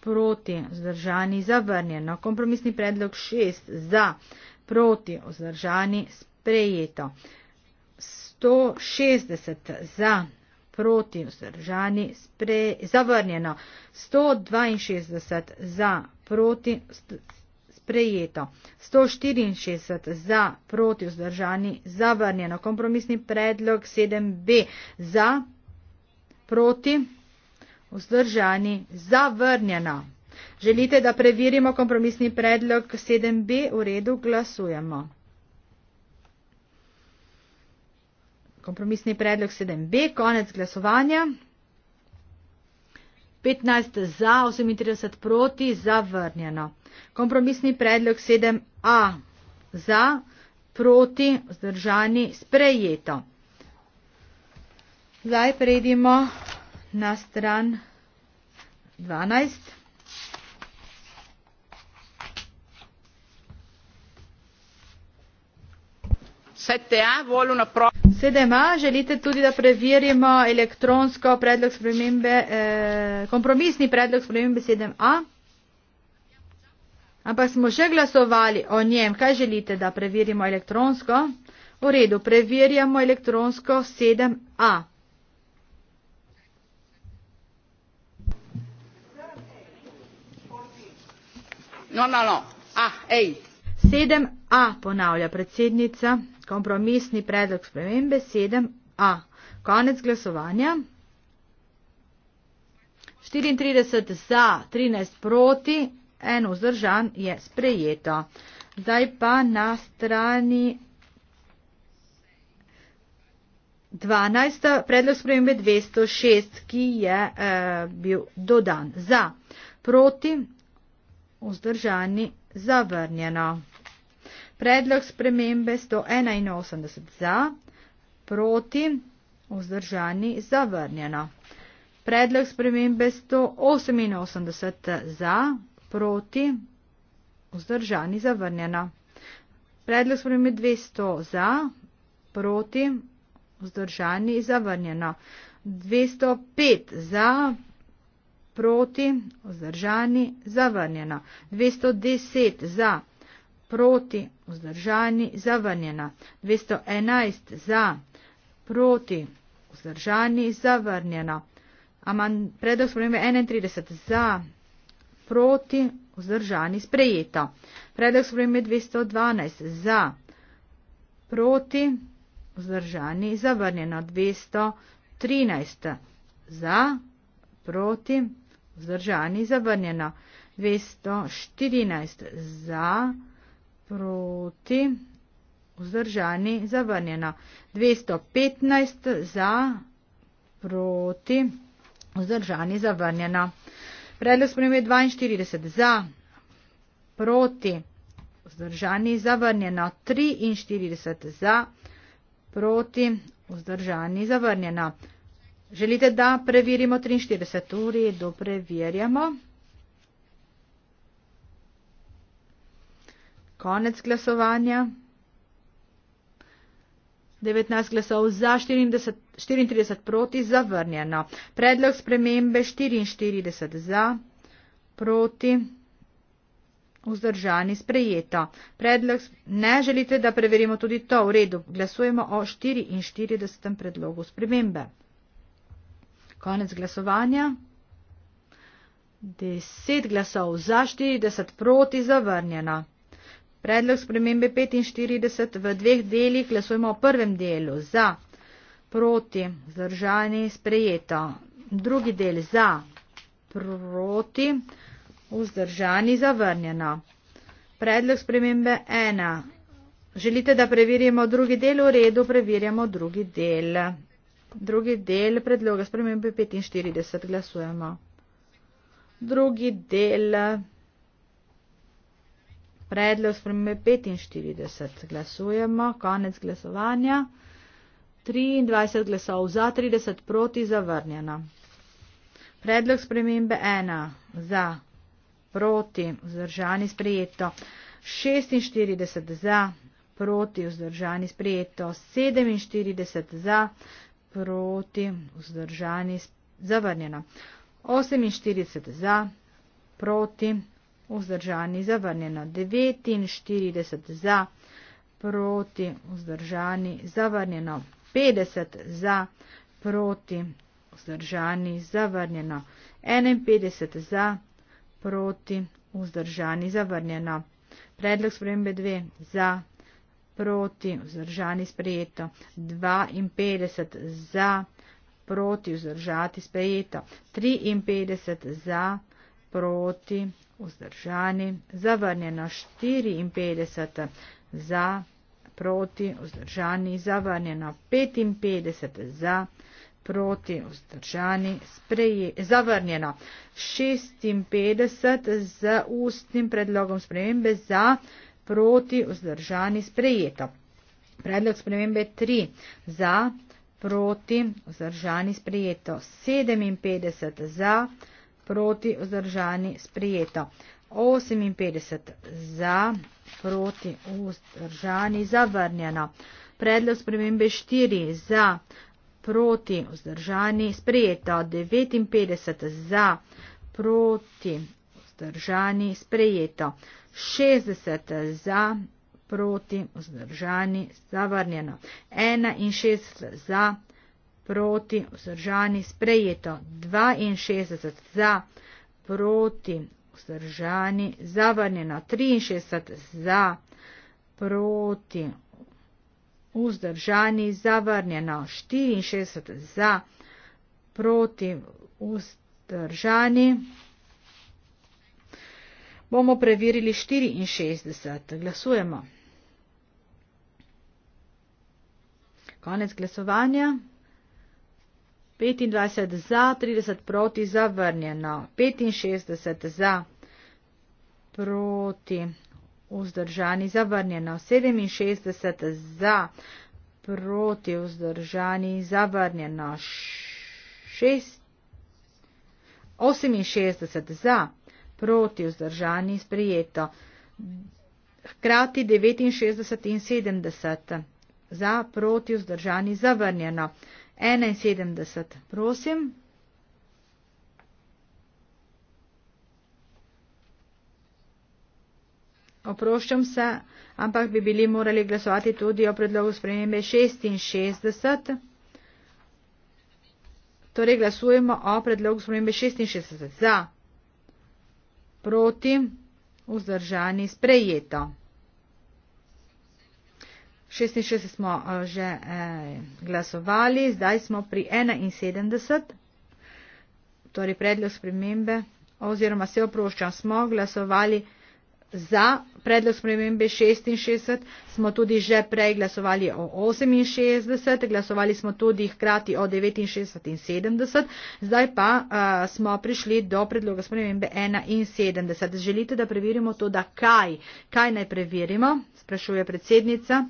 proti, zdržani, zavrnjeno. Kompromisni predlog 6 za, proti, zdržani, sprejeto. 160 za, proti, zdržani, sprej, zavrnjeno. 162 za, proti, sprejeto. 164 za, proti vzdržani, zavrnjeno. Kompromisni predlog 7b za, proti vzdržani, zavrnjeno. Želite, da preverimo kompromisni predlog 7b? V redu, glasujemo. Kompromisni predlog 7b, konec glasovanja. 15 za, 38 proti, zavrnjeno. Kompromisni predlog 7a za, proti, zdržani, sprejeto. Zdaj predimo na stran 12. Sette A vuole un approccio. 7a, želite tudi, da preverimo elektronsko predlog spremembe, eh, kompromisni predlog spremembe 7a? Ampak smo že glasovali o njem. Kaj želite, da preverimo elektronsko? V redu, preverjamo elektronsko 7a. No, no, no. Ah, 8. 7a ponavlja predsednica, kompromisni predlog spremembe 7a. Konec glasovanja. 34 za, 13 proti, en vzdržan je sprejeto. Zdaj pa na strani 12. predlog spremembe 206, ki je eh, bil dodan. Za, proti, vzdržani, zavrnjeno. Predlog spremembe 181 za, proti, vzdržani, zavrnjeno. Predlog spremembe 188 za, proti, vzdržani, zavrnjeno. Predlog spremembe 200 za, proti, vzdržani, zavrnjeno. 205 za, proti, vzdržani, zavrnjeno. 210 za, proti proti, vzdržani, zavrnjena. 211 za, proti, vzdržani, zavrnjena. Aman, predlog spremembe 31 za, proti, vzdržani, sprejeta. Predlog spremembe 212 za, proti, vzdržani, zavrnjena. 213 za, proti, vzdržani, zavrnjena. 214 za, proti, proti, vzdržani, zavrnjeno. 215 za, proti, vzdržani, zavrnjeno. Predlog spremembe 42 za, proti, vzdržani, zavrnjeno. 43 za, proti, vzdržani, zavrnjeno. Želite, da preverimo 43 uri, da preverjamo? Konec glasovanja. 19 glasov za, 40, 34 proti, zavrnjeno. Predlog spremembe 44 za, proti, vzdržani, sprejeto. Predlog, ne želite, da preverimo tudi to v redu. Glasujemo o 44. predlogu spremembe. Konec glasovanja. 10 glasov za, 40 proti, zavrnjeno. Predlog spremembe 45 v dveh delih, glasujemo o prvem delu za, proti, zdržani, sprejeto. Drugi del za, proti, vzdržani, zavrnjeno. Predlog spremembe 1. Želite, da preverimo drugi del v redu, preverjamo drugi del. Drugi del predloga spremembe 45 glasujemo. Drugi del. Predlog spremembe 45. Glasujemo. Konec glasovanja. 23 glasov za, 30 proti, zavrnjeno. Predlog spremembe 1 za, proti, vzdržani sprejeto. 46 za, proti, vzdržani sprejeto. 47 za, proti, vzdržani, zavrnjeno. 48 za, proti, vzdržani zavrnjeno 49 za, proti vzdržani zavrnjeno 50 za, proti vzdržani zavrnjeno 51 za, proti vzdržani zavrnjeno. Predlog spremembe 2 za, proti vzdržani sprejeto 52 za, proti vzdržati sprejeto 53 za, proti vzdržani, zavrnjeno 54 za, proti, vzdržani, zavrnjeno 55 za, proti, vzdržani, spreje, zavrnjeno 56 z ustnim predlogom spremembe za, proti, vzdržani, sprejeto. Predlog spremembe 3 za, proti, vzdržani, sprejeto 57 za, proti, proti vzdržani sprijeto. 58 za, proti vzdržani zavrnjeno. Predlog spremembe 4 za, proti vzdržani sprijeto. 59 za, proti vzdržani sprijeto. 60 za, proti vzdržani zavrnjeno. 61 za, proti vzdržani sprijeto proti, vzdržani, sprejeto 62 za, proti, vzdržani, zavrnjeno 63 za, proti, vzdržani, zavrnjeno 64 za, proti, vzdržani. Bomo preverili 64. Glasujemo. Konec glasovanja. 25 za, 30 proti, zavrnjeno. 65 za, proti, vzdržani, zavrnjeno. 67 za, proti, vzdržani, zavrnjeno. 68 za, proti, vzdržani, sprijeto. Hkrati 69 in 70 za, proti, vzdržani, zavrnjeno. 71, prosim. Oproščam se, ampak bi bili morali glasovati tudi o predlogu spremembe 66. Torej glasujemo o predlogu spremembe 66. Za, proti, vzdržani, sprejeto šestinšestdeset smo eh, že eh, glasovali, zdaj smo pri enainsedemdeset, torej predlog spremembe oziroma se oproščam, smo glasovali za predlog spremembe šestinšestdeset, smo tudi že prej glasovali o oseminšestdeset, glasovali smo tudi hkrati o devetinšestdeset in sedemdeset, zdaj pa uh, smo prišli do predloga spremembe enainsedemdeset. Želite, da preverimo to, da kaj, kaj naj preverimo, sprašuje predsednica.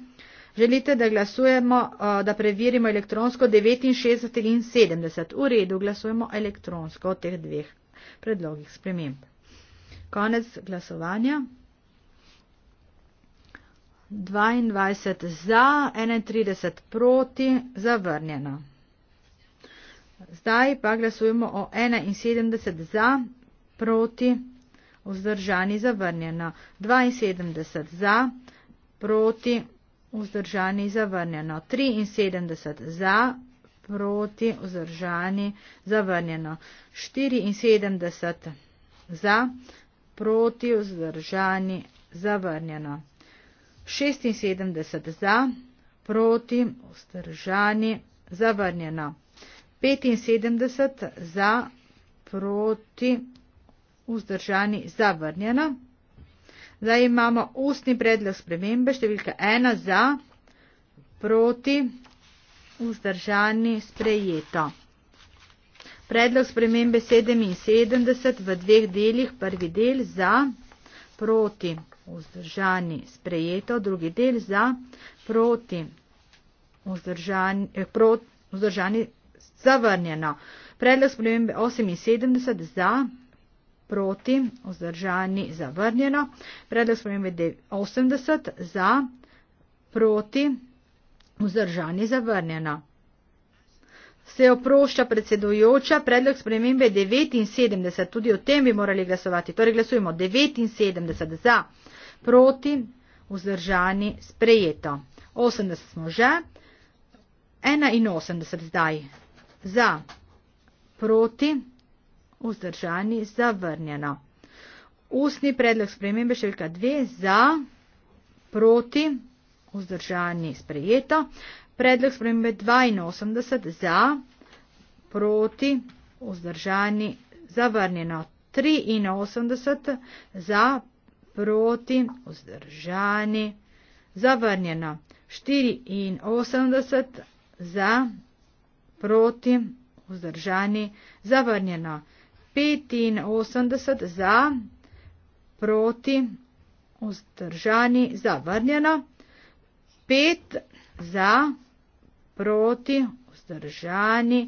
Želite, da glasujemo, uh, da preverimo elektronsko 69 in 70. V redu, glasujemo elektronsko o teh dveh predlogih sprememb. Konec glasovanja. 22 za, 31 proti, zavrnjeno. Zdaj pa glasujemo o 71 za, proti, vzdržani, zavrnjeno. 72 za, proti, vzdržani vzdržani zavrnjeno, 73 za, proti vzdržani zavrnjeno, 74 za, proti vzdržani zavrnjeno, 76 za, proti vzdržani zavrnjeno, 75 za, proti vzdržani zavrnjeno. Zdaj imamo ustni predlog spremembe, številka ena za, proti, vzdržani, sprejeto. Predlog spremembe 77 v dveh delih, prvi del za, proti, vzdržani, sprejeto, drugi del za, proti, vzdržani, eh, proti, vzdržani zavrnjeno. Predlog spremembe 78 za, proti, vzdržani, zavrnjeno. Predlog spremembe 80 za, proti, vzdržani, zavrnjeno. Se oprošča predsedujoča, predlog spremembe 79, tudi o tem bi morali glasovati. Torej glasujemo 79 za, proti, vzdržani, sprejeto. 80 smo že, 81 zdaj za, proti, vzdržani vzdržani zavrnjeno. Ustni predlog spremembe številka 2 za, proti, vzdržani sprejeto. Predlog spremembe 82 za, proti, vzdržani zavrnjeno. 83 za, proti, vzdržani zavrnjeno. 84 za, proti, vzdržani zavrnjeno. 85 za, proti, vzdržani, zavrnjeno, 5 za, proti, vzdržani,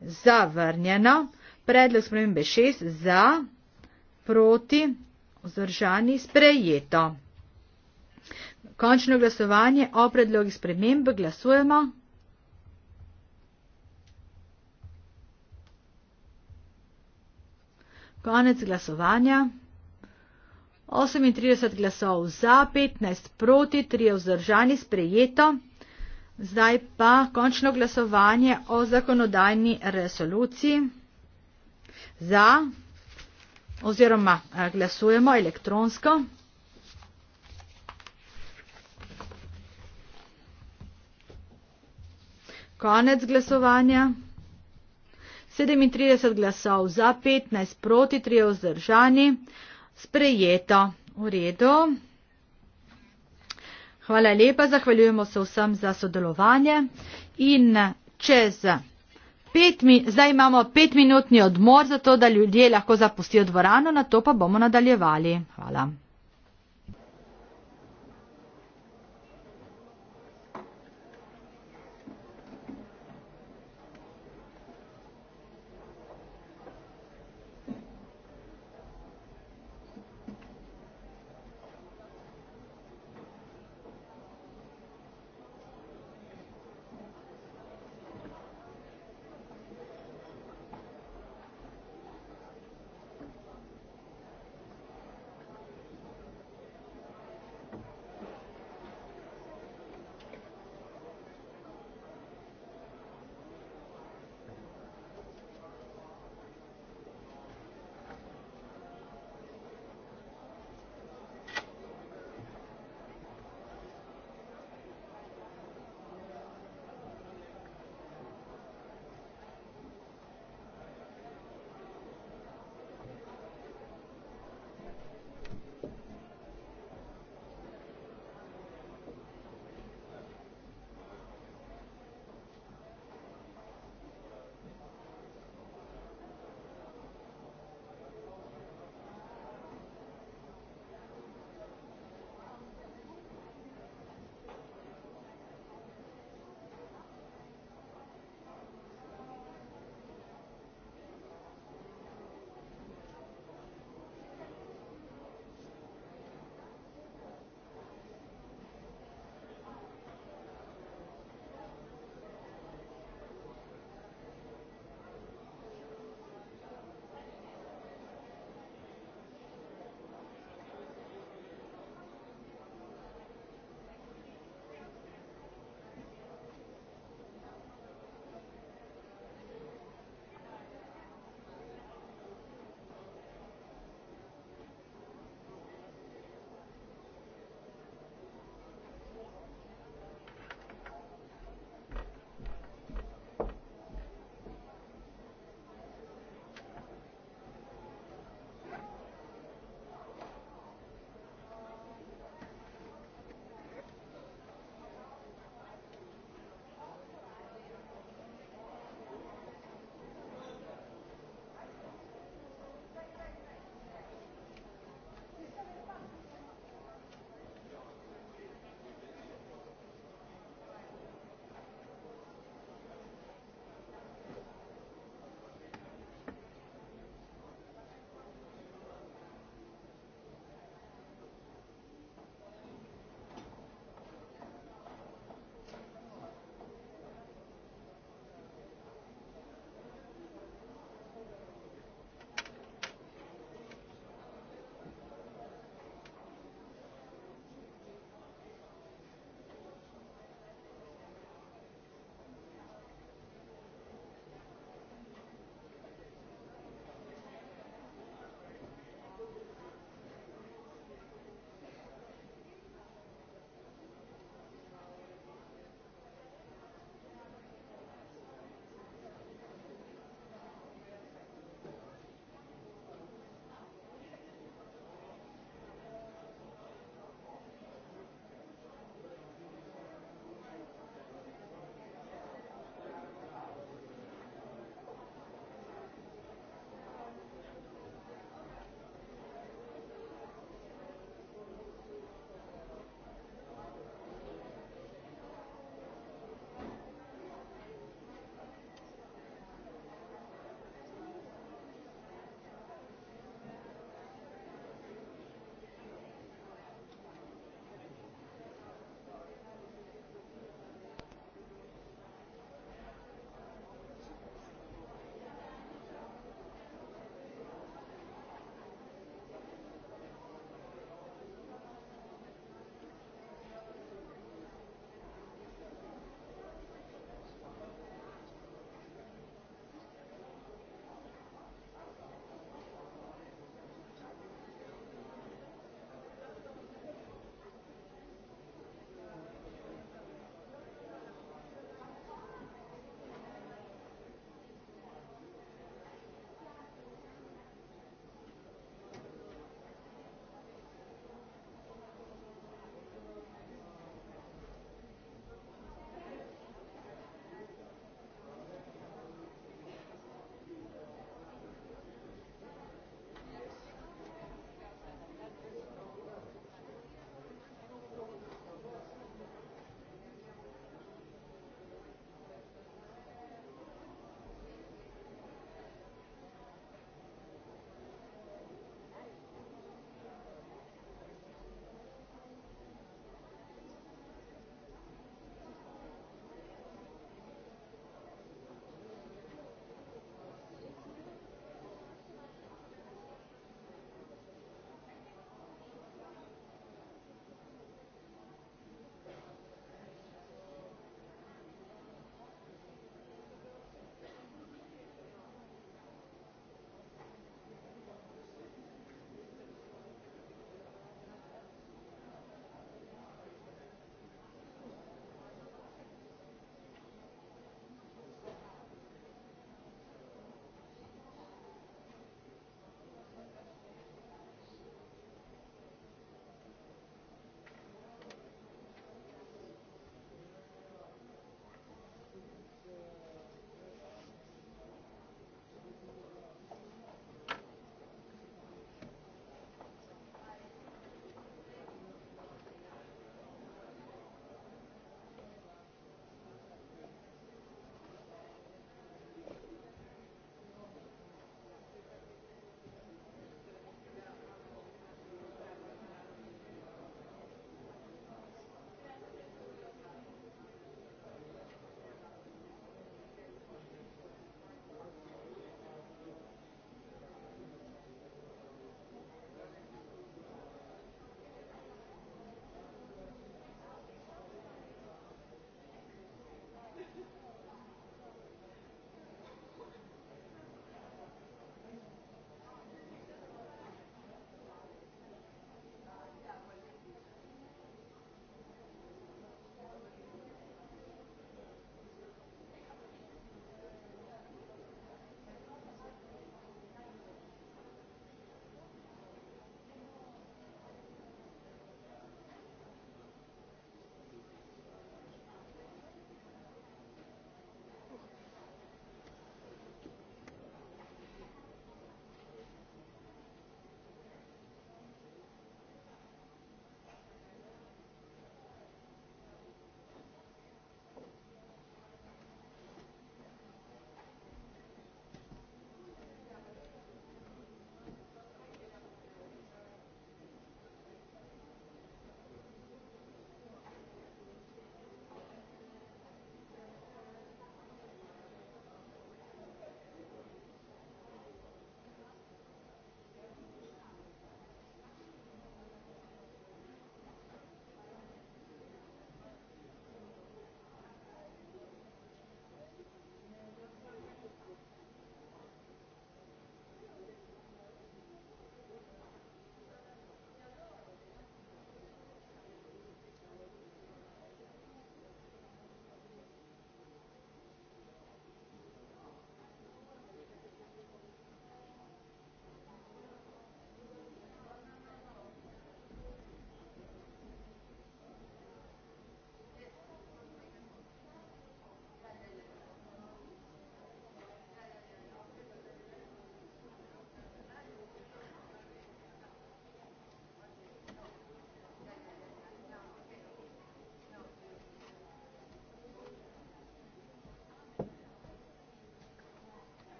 zavrnjeno, predlog spremembe 6 za, proti, vzdržani, sprejeto. Končno glasovanje o predlogi spremembe glasujemo. Konec glasovanja. 38 glasov za, 15 proti, 3 vzdržani, sprejeto. Zdaj pa končno glasovanje o zakonodajni resoluciji. Za oziroma eh, glasujemo elektronsko. Konec glasovanja. 37 glasov za, 15 proti, 3 vzdržani. Sprejeto. V redu. Hvala lepa, zahvaljujemo se vsem za sodelovanje. In čez pet minut, zdaj imamo petminutni odmor, zato da ljudje lahko zapustijo dvorano, na to pa bomo nadaljevali. Hvala.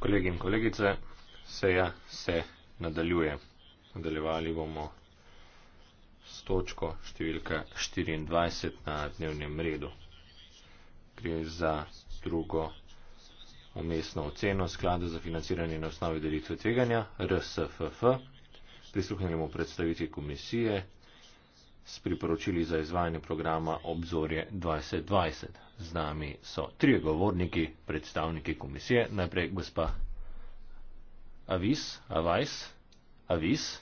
kolegi in kolegice seja se nadaljuje nadaljevali bomo s točko številka štiriindvajset na dnevnem redu gre za drugo umestno oceno sklada za financiranje na osnovi delitve tveganja rsff prisluhnili bomo predstavitvi komisije s priporočili za izvajanje programa Obzorje 2020. Z nami so trije govorniki, predstavniki komisije. Najprej gospa Avis, Avajs, Avis.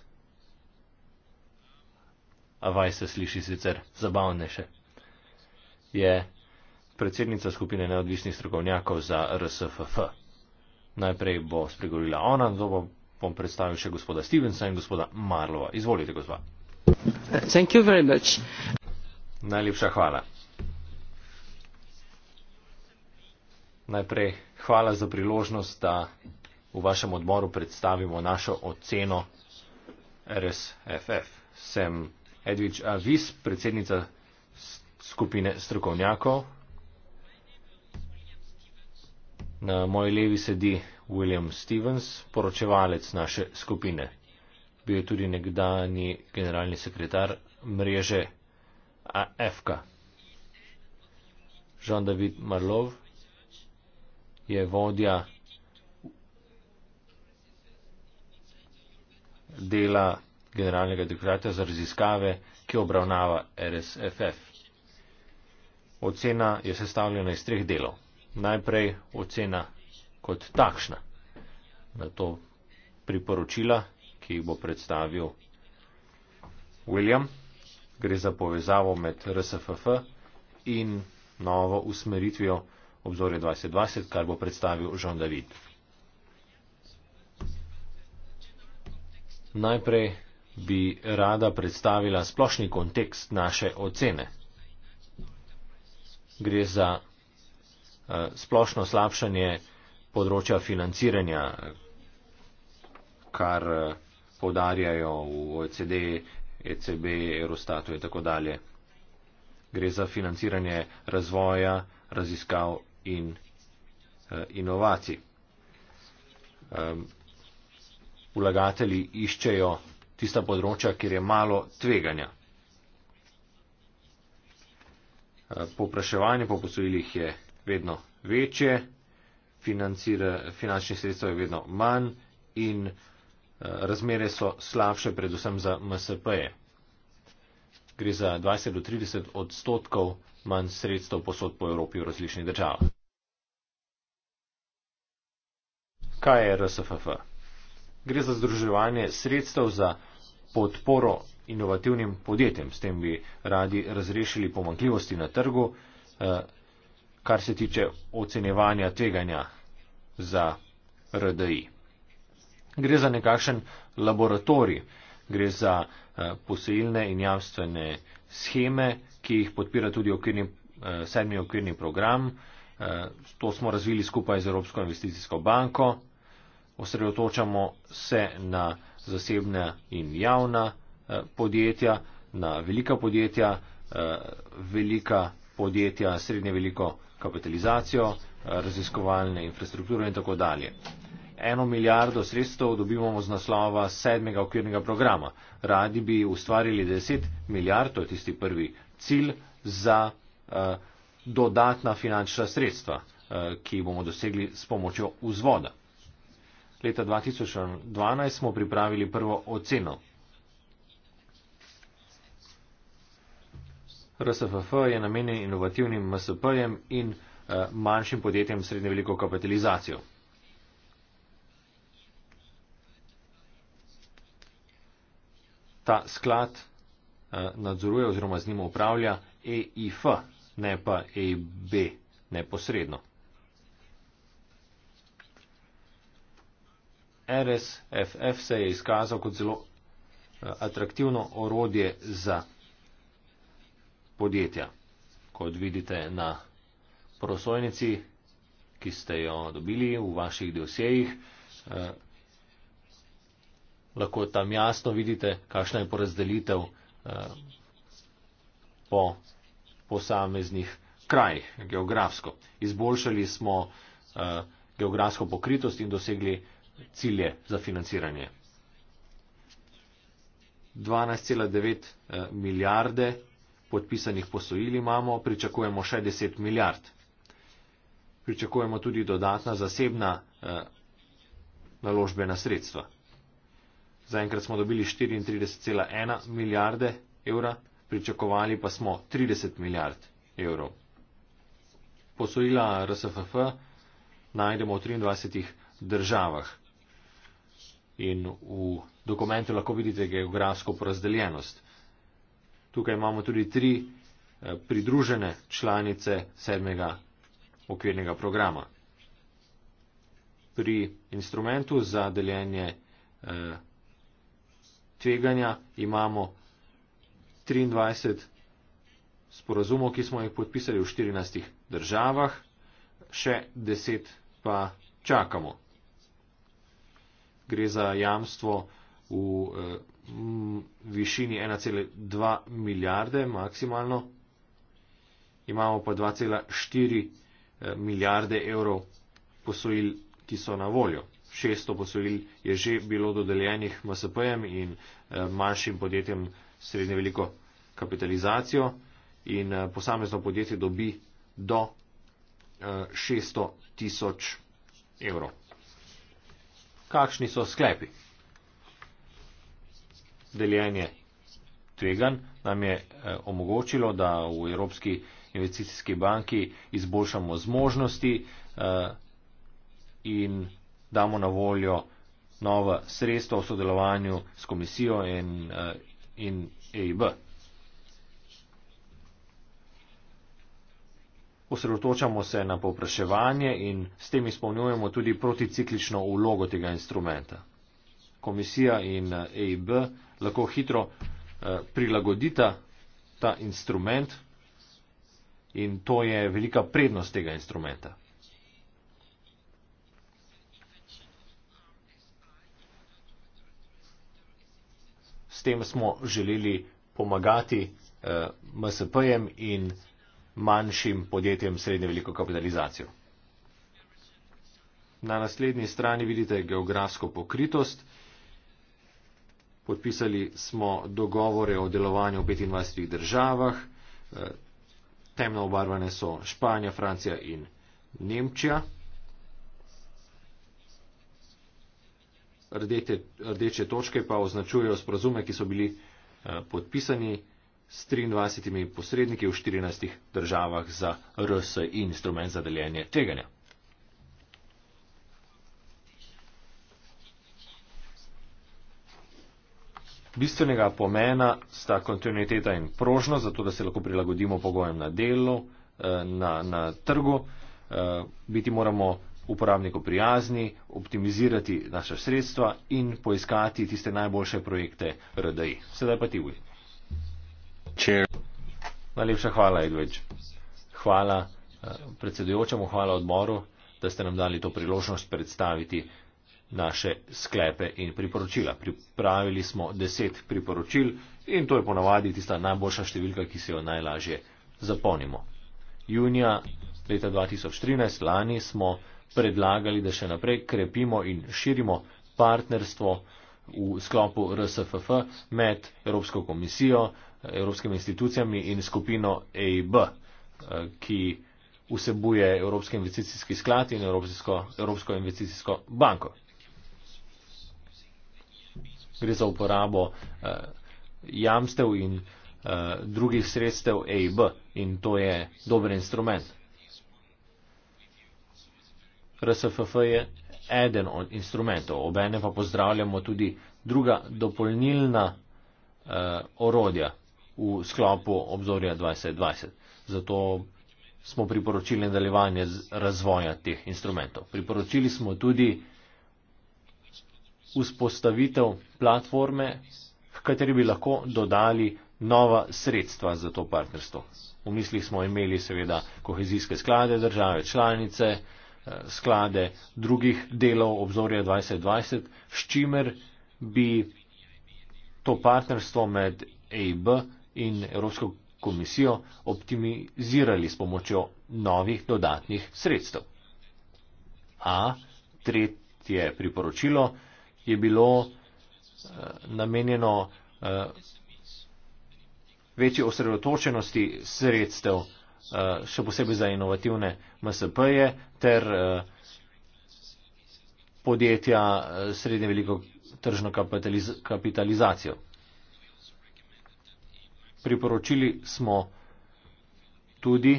Avaj se sliši sicer zabavnejše. Je predsednica skupine neodvisnih strokovnjakov za RSFF. Najprej bo spregovorila ona, zdaj bom predstavil še gospoda Stevensa in gospoda Marlova. Izvolite, gospod. Thank you very much. Najlepša hvala. Najprej hvala za priložnost, da v vašem odboru predstavimo našo oceno RSFF. Sem Edvič Avis, predsednica skupine strokovnjakov. Na moji levi sedi William Stevens, poročevalec naše skupine bil je tudi nekdani generalni sekretar mreže AFK. Jean-David Marlov je vodja dela generalnega direktorata za raziskave, ki obravnava RSFF. Ocena je sestavljena iz treh delov. Najprej ocena kot takšna, nato priporočila, ki jih bo predstavil William. Gre za povezavo med RSFF in novo usmeritvijo obzorje 2020, kar bo predstavil Jean David. Najprej bi rada predstavila splošni kontekst naše ocene. Gre za eh, splošno slabšanje področja financiranja, kar eh, poudarjajo v OECD, ECB, Eurostatu in tako dalje. Gre za financiranje razvoja, raziskav in eh, inovacij. Um, ehm, ulagateli iščejo tista področja, kjer je malo tveganja. Eh, Popraševanje po posojilih je vedno večje, finančnih sredstev je vedno manj in razmere so slabše predvsem za MSP-je. Gre za 20 do 30 odstotkov manj sredstev posod po Evropi v različnih državah. Kaj je RSFF? Gre za združevanje sredstev za podporo inovativnim podjetjem. S tem bi radi razrešili pomankljivosti na trgu, eh, kar se tiče ocenevanja tveganja za RDI. Gre za nekakšen laboratorij, gre za eh, posojilne in javstvene scheme, ki jih podpira tudi okvirni, eh, sedmi okvirni program. Eh, to smo razvili skupaj z Evropsko investicijsko banko. Osredotočamo se na zasebna in javna podjetja, na velika podjetja, velika podjetja, srednje veliko kapitalizacijo, raziskovalne infrastrukture in tako dalje eno milijardo sredstev dobivamo z naslova sedmega okvirnega programa. Radi bi ustvarili deset milijard, to je tisti prvi cilj, za uh, dodatna finančna sredstva, uh, ki bomo dosegli s pomočjo vzvoda. Leta 2012 smo pripravili prvo oceno. RSFF je namenjen inovativnim MSP-jem in eh, manjšim podjetjem srednje veliko kapitalizacijo. ta sklad eh, nadzoruje oziroma z njim upravlja EIF, ne pa EIB neposredno. RSFF se je izkazal kot zelo eh, atraktivno orodje za podjetja. Kot vidite na prosojnici, ki ste jo dobili v vaših dosejih, eh, lahko tam jasno vidite, kakšna je porazdelitev eh, po posameznih krajih geografsko. Izboljšali smo eh, geografsko pokritost in dosegli cilje za financiranje. 12,9 eh, milijarde podpisanih posojil imamo, pričakujemo še 10 milijard. Pričakujemo tudi dodatna zasebna naložbena sredstva. Zaenkrat smo dobili 34,1 milijarde evra, pričakovali pa smo 30 milijard evrov. Posojila RSFF najdemo v 23 državah in v dokumentu lahko vidite geografsko porazdeljenost. Tukaj imamo tudi tri eh, pridružene članice sedmega okvirnega programa. Pri instrumentu za deljenje eh, tveganja, imamo 23 sporazumov, ki smo jih podpisali v 14 državah, še 10 pa čakamo. Gre za jamstvo v eh, višini 1,2 milijarde maksimalno, imamo pa 2,4 eh, milijarde evrov posojil, ki so na voljo. 600 posojil je že bilo dodeljenih MSP-jem in eh, manjšim podjetjem srednje veliko kapitalizacijo in eh, posamezno podjetje dobi do 600 eh, tisoč evrov. Kakšni so sklepi? Deljenje tvegan nam je omogočilo, da v Evropski investicijski banki izboljšamo zmožnosti in damo na voljo nova sredstva v sodelovanju s komisijo in, eh, in EIB. Osredotočamo se na popraševanje in s tem izpolnjujemo tudi proticiklično ulogo tega instrumenta. Komisija in EIB eh, e lahko hitro eh, prilagodita ta instrument in to je velika prednost tega instrumenta. tem smo želeli pomagati eh, MSP-jem in manjšim podjetjem srednje veliko kapitalizacijo. Na naslednji strani vidite geografsko pokritost. Podpisali smo dogovore o delovanju v 25 državah. Eh, temno obarvane so Španija, Francija in Nemčija. rdete, rdeče točke pa označujejo sprazume, ki so bili eh, podpisani s 23 posredniki v 14 državah za RS in instrument za deljenje tveganja. Bistvenega pomena sta kontinuiteta in prožnost, zato da se lahko prilagodimo pogojem na delu, eh, na, na trgu. Eh, biti moramo uporabniku prijazni, optimizirati naša sredstva in poiskati tiste najboljše projekte RDI. Sedaj pa ti uj. Najlepša hvala, Edveč. Hvala eh, predsedujočemu, hvala odboru, da ste nam dali to priložnost predstaviti naše sklepe in priporočila. Pripravili smo deset priporočil in to je ponavadi tista najboljša številka, ki se jo najlažje zapolnimo. Junija leta 2013, lani smo predlagali, da še naprej krepimo in širimo partnerstvo v sklopu RSFF med Evropsko komisijo, Evropskimi institucijami in skupino EIB, eh, ki vsebuje Evropski investicijski sklad in Evropsko, Evropsko investicijsko banko. Gre za uporabo eh, jamstev in eh, drugih sredstev EIB in to je dober instrument. RSFF je eden od instrumentov. Obene pa pozdravljamo tudi druga dopolnilna eh, orodja v sklopu obzorja 2020. Zato smo priporočili nadaljevanje razvoja teh instrumentov. Priporočili smo tudi vzpostavitev platforme, v kateri bi lahko dodali nova sredstva za to partnerstvo. V mislih smo imeli seveda kohezijske sklade države, članice, eh, sklade drugih delov obzorja 2020, s čimer bi to partnerstvo med EIB in Evropsko komisijo optimizirali s pomočjo novih dodatnih sredstev. A tretje priporočilo je bilo eh, namenjeno eh, večji osredotočenosti sredstev eh, Eh, še posebej za inovativne MSP-je ter eh, podjetja eh, srednje veliko tržno kapitaliz kapitalizacijo. Priporočili smo tudi,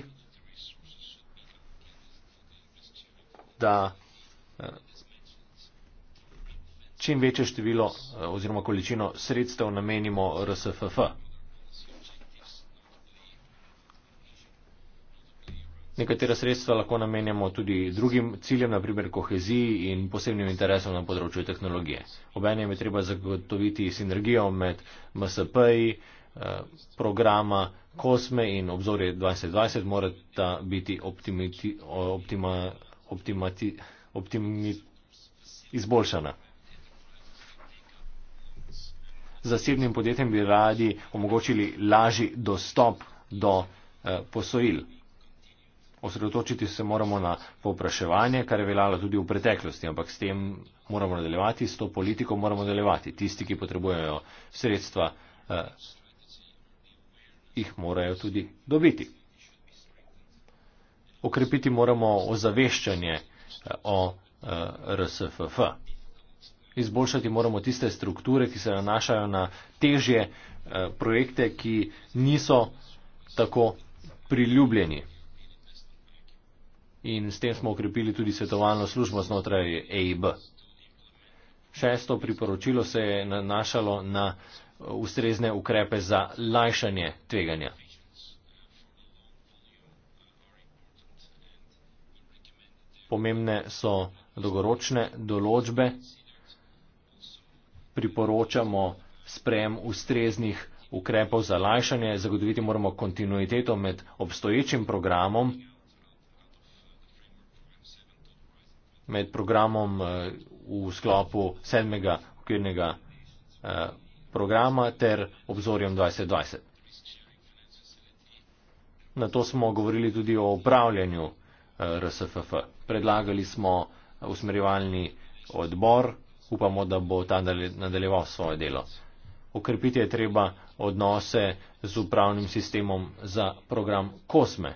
da čim večje število oziroma količino sredstev namenimo RSFF. Nekatera sredstva lahko namenjamo tudi drugim ciljem, naprimer koheziji in posebnim interesom na področju tehnologije. Obenem je treba zagotoviti sinergijo med MSP-ji, eh, programa COSME in obzorje 2020 morata biti izboljšana. Zasebnim podjetjem bi radi omogočili lažji dostop do eh, posojil osredotočiti se moramo na popraševanje, kar je veljalo tudi v preteklosti, ampak s tem moramo nadaljevati, s to politiko moramo nadaljevati. Tisti, ki potrebujejo sredstva, eh, jih morajo tudi dobiti. Okrepiti moramo ozaveščanje eh, o eh, RSFF. Izboljšati moramo tiste strukture, ki se nanašajo na težje eh, projekte, ki niso tako priljubljeni in s tem smo okrepili tudi svetovalno službo znotraj EIB. Šesto priporočilo se je nanašalo na ustrezne ukrepe za lajšanje tveganja. Pomembne so dolgoročne določbe. Priporočamo sprejem ustreznih ukrepov za lajšanje. Zagotoviti moramo kontinuiteto med obstoječim programom med programom eh, v sklopu sedmega okvirnega eh, programa ter obzorjem 2020. Na to smo govorili tudi o upravljanju eh, RSFF. Predlagali smo usmerjevalni odbor, upamo, da bo ta nadaljeval svoje delo. Okrepiti je treba odnose z upravnim sistemom za program Kosme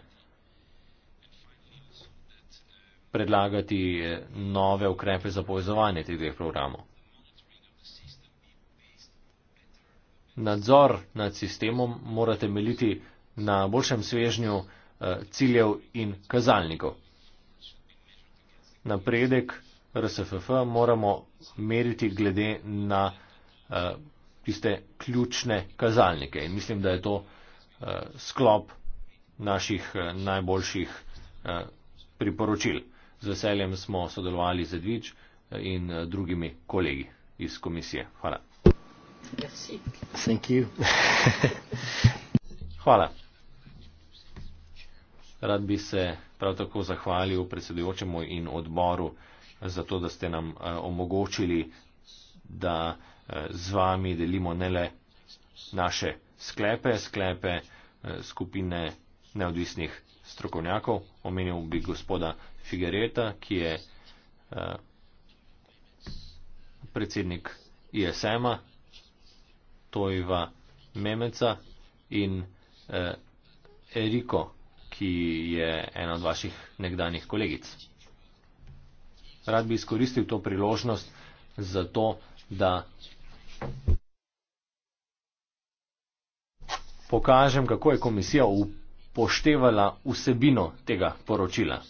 predlagati eh, nove ukrepe za povezovanje teh dveh programov. Nadzor nad sistemom mora temeljiti na boljšem svežnju eh, ciljev in kazalnikov. Napredek RSFF moramo meriti glede na eh, tiste ključne kazalnike in mislim, da je to sklop naših najboljših priporočil z veseljem smo sodelovali z Edvič in eh, drugimi kolegi iz komisije. Hvala. Hvala. Rad bi se prav tako zahvalil predsedujočemu in odboru za to, da ste nam eh, omogočili, da eh, z vami delimo ne le naše sklepe, sklepe skupine neodvisnih strokovnjakov. Omenil bi gospoda Figuereta, ki je uh, predsednik ISM-a, Tojva Memeca in uh, Eriko, ki je ena od vaših nekdanjih kolegic. Rad bi izkoristil to priložnost za to, da pokažem, kako je komisija upoštevala vsebino tega poročila.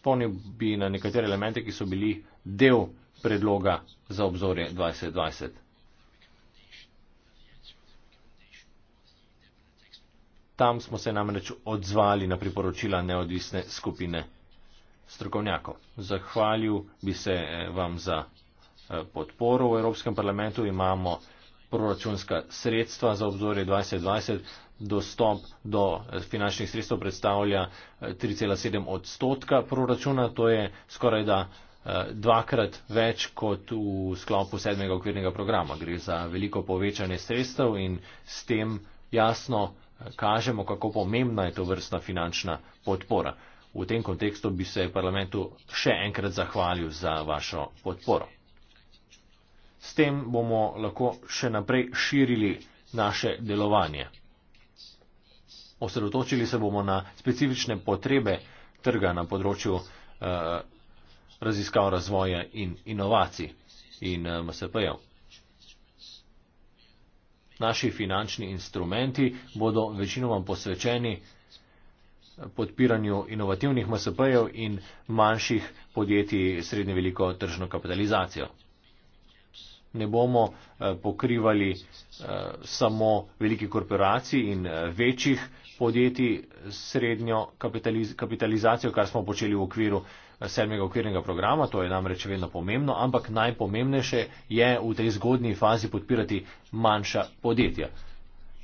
spomnil bi na nekatere elemente, ki so bili del predloga za obzorje 2020. Tam smo se namreč odzvali na priporočila neodvisne skupine strokovnjakov. Zahvalil bi se eh, vam za eh, podporo v Evropskem parlamentu. Imamo proračunska sredstva za obzorje 2020, dostop do eh, finančnih sredstev predstavlja 3,7 eh, odstotka proračuna, to je skoraj da eh, dvakrat več kot v sklopu sedmega okvirnega programa. Gre za veliko povečanje sredstev in s tem jasno kažemo, kako pomembna je to vrstna finančna podpora. V tem kontekstu bi se parlamentu še enkrat zahvalil za vašo podporo. S tem bomo lahko še naprej širili naše delovanje. Osredotočili se bomo na specifične potrebe trga na področju eh, raziskav razvoja in inovacij in eh, MSP-jev. Naši finančni instrumenti bodo večinoma posvečeni eh, podpiranju inovativnih MSP-jev in manjših podjetij srednje veliko tržno kapitalizacijo ne bomo eh, pokrivali eh, samo velikih korporacij in eh, večjih podjetij s srednjo kapitalizacijo, kar smo počeli v okviru sedmega okvirnega programa, to je namreč vedno pomembno, ampak najpomembnejše je v tej zgodnji fazi podpirati manjša podjetja.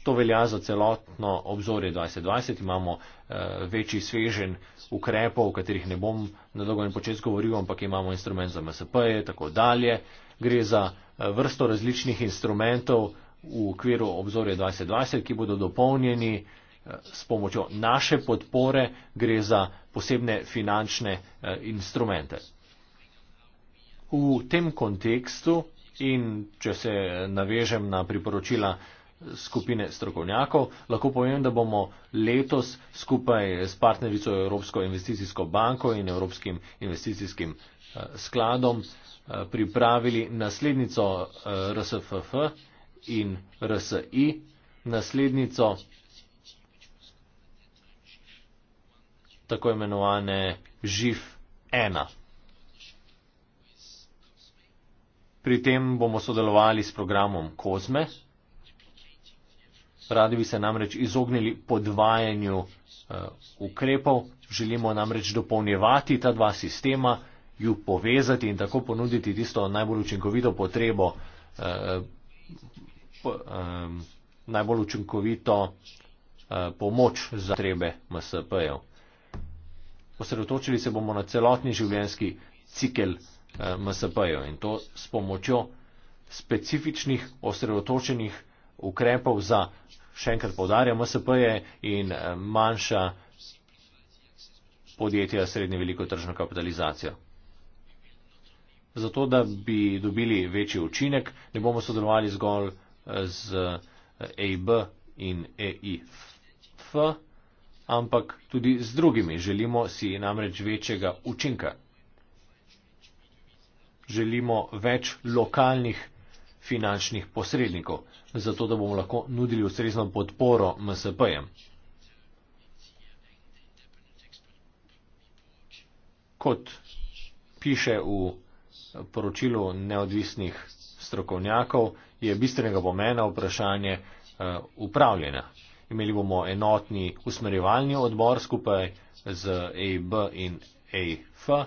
To velja za celotno obzorje 2020, imamo uh, večji svežen ukrepov, o katerih ne bom na dolgo in počet govoril, ampak imamo instrument za MSP-je, tako dalje. Gre za uh, vrsto različnih instrumentov v okviru obzorja 2020, ki bodo dopolnjeni eh, s pomočjo naše podpore, gre za posebne finančne eh, instrumente. V tem kontekstu in če se navežem na priporočila eh, skupine strokovnjakov, lahko povem, da bomo letos skupaj s partnerico Evropsko investicijsko banko in Evropskim investicijskim skladom Eh, pripravili naslednico eh, RSFF in RSI, naslednico tako imenovane ŽIF-1. Pri tem bomo sodelovali s programom COSME. Radi bi se namreč izognili podvajanju uh, ukrepov, želimo namreč dopolnjevati ta dva sistema ju povezati in tako ponuditi tisto najbolj učinkovito potrebo, eh, po, eh, najbolj učinkovito eh, pomoč za potrebe MSP-jev. Osredotočili se bomo na celotni življenjski cikel eh, MSP-jev in to s pomočjo specifičnih osredotočenih ukrepov za, še enkrat povdarjam, MSP-je in eh, manjša podjetja srednje veliko tržno kapitalizacijo zato da bi dobili večji učinek, ne bomo sodelovali zgolj eh, z EIB eh, in EIF, ampak tudi z drugimi. Želimo si namreč večjega učinka. Želimo več lokalnih finančnih posrednikov, zato da bomo lahko nudili ustrezno podporo MSP-jem. Kot piše v poročilu neodvisnih strokovnjakov je bistvenega pomena vprašanje eh, upravljanja. Imeli bomo enotni usmerjevalni odbor skupaj z AB e in AF. E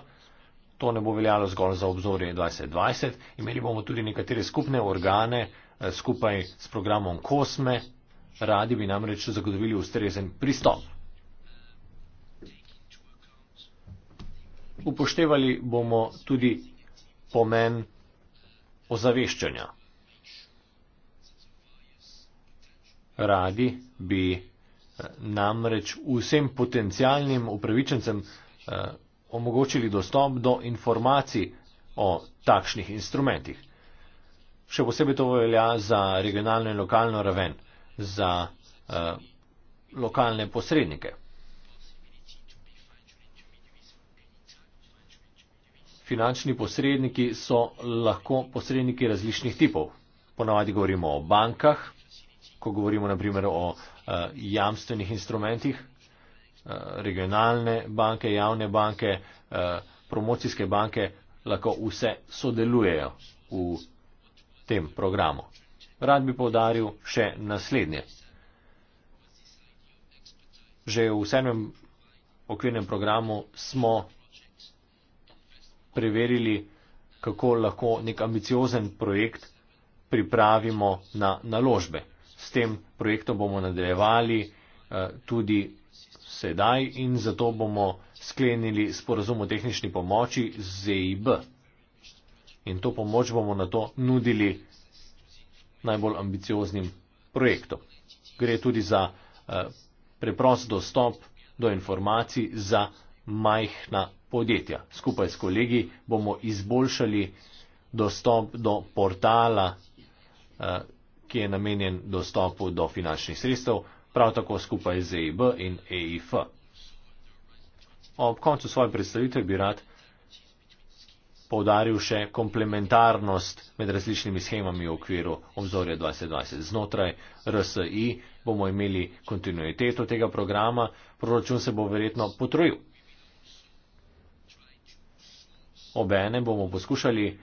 to ne bo veljalo zgolj za obzorje 2020. Imeli bomo tudi nekatere skupne organe eh, skupaj s programom Kosme. Radi bi namreč zagotovili ustrezen pristop. Upoštevali bomo tudi pomen ozaveščanja. Radi bi eh, namreč vsem potencijalnim upravičencem eh, omogočili dostop do informacij o takšnih instrumentih. Še posebej to velja za regionalno in lokalno raven, za eh, lokalne posrednike. finančni posredniki so lahko posredniki različnih tipov. Ponavadi govorimo o bankah, ko govorimo naprimer o uh, jamstvenih instrumentih, uh, regionalne banke, javne banke, uh, promocijske banke lahko vse sodelujejo v tem programu. Rad bi povdaril še naslednje. Že v sedmem okvirnem programu smo preverili, kako lahko nek ambiciozen projekt pripravimo na naložbe. S tem projektom bomo nadaljevali eh, tudi sedaj in zato bomo sklenili sporazum o tehnični pomoči z EIB. In to pomoč bomo na to nudili najbolj ambicioznim projektom. Gre tudi za eh, preprost dostop do informacij za majhna podjetja. Skupaj s kolegi bomo izboljšali dostop do portala, eh, ki je namenjen dostopu do finančnih sredstev, prav tako skupaj z EIB in EIF. Ob koncu svoje predstavitve bi rad povdaril še komplementarnost med različnimi schemami v okviru obzorja 2020. Znotraj RSI bomo imeli kontinuiteto tega programa, proračun se bo verjetno potrojil obene bomo poskušali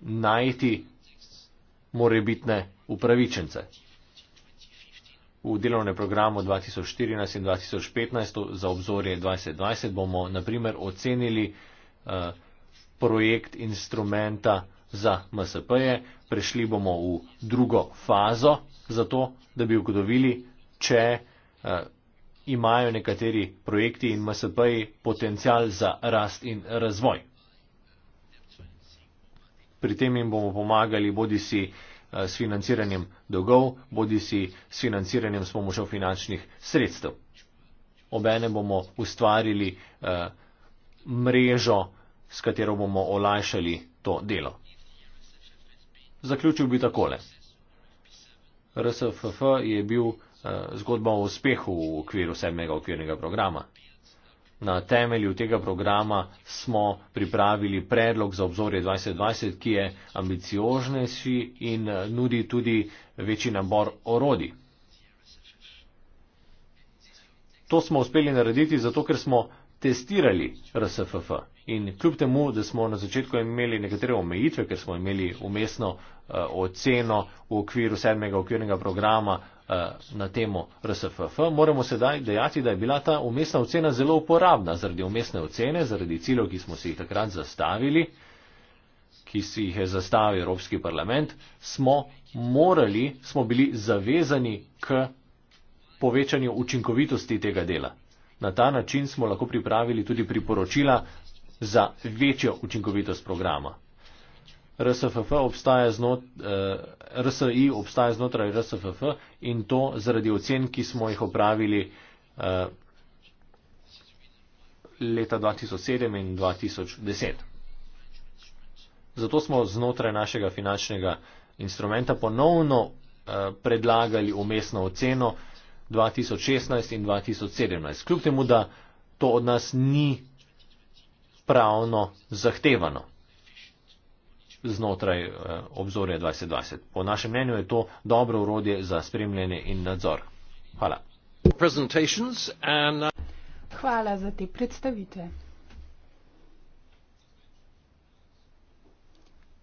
najti morebitne upravičence. V delovnem programu 2014 in 2015 za obzorje 2020 bomo naprimer ocenili eh, projekt instrumenta za MSP-je, prešli bomo v drugo fazo za to, da bi ugotovili, če eh, imajo nekateri projekti in MSP-ji potencial za rast in razvoj pri tem jim bomo pomagali bodi si eh, s financiranjem dolgov, bodi si s financiranjem s pomočjo finančnih sredstev. Obene bomo ustvarili eh, mrežo, s katero bomo olajšali to delo. Zaključil bi takole. RSFF je bil eh, zgodba o uspehu v okviru sedmega okvirnega programa na temelju tega programa smo pripravili predlog za obzorje 2020, ki je ambicioznejši in eh, nudi tudi večji nabor orodij. To smo uspeli narediti zato, ker smo testirali RSFF in kljub temu, da smo na začetku imeli nekatere omejitve, ker smo imeli umestno uh, eh, oceno v okviru sedmega okvirnega programa Eh, na temo RSFF, moramo sedaj dejati, da je bila ta umestna ocena zelo uporabna zaradi umestne ocene, zaradi ciljev, ki smo si jih takrat zastavili, ki si jih je zastavil Evropski parlament, smo morali, smo bili zavezani k povečanju učinkovitosti tega dela. Na ta način smo lahko pripravili tudi priporočila za večjo učinkovitost programa. RSFF eh, obstaja znotraj, eh, RSI obstaja znotraj RSFF in to zaradi ocen, ki smo jih opravili eh, leta 2007 in 2010. Zato smo znotraj našega finančnega instrumenta ponovno eh, predlagali umestno oceno 2016 in 2017, kljub temu, da to od nas ni pravno zahtevano znotraj eh, obzorja 2020. Po našem mnenju je to dobro urodje za spremljanje in nadzor. Hvala. Uh, Hvala za te predstavitve.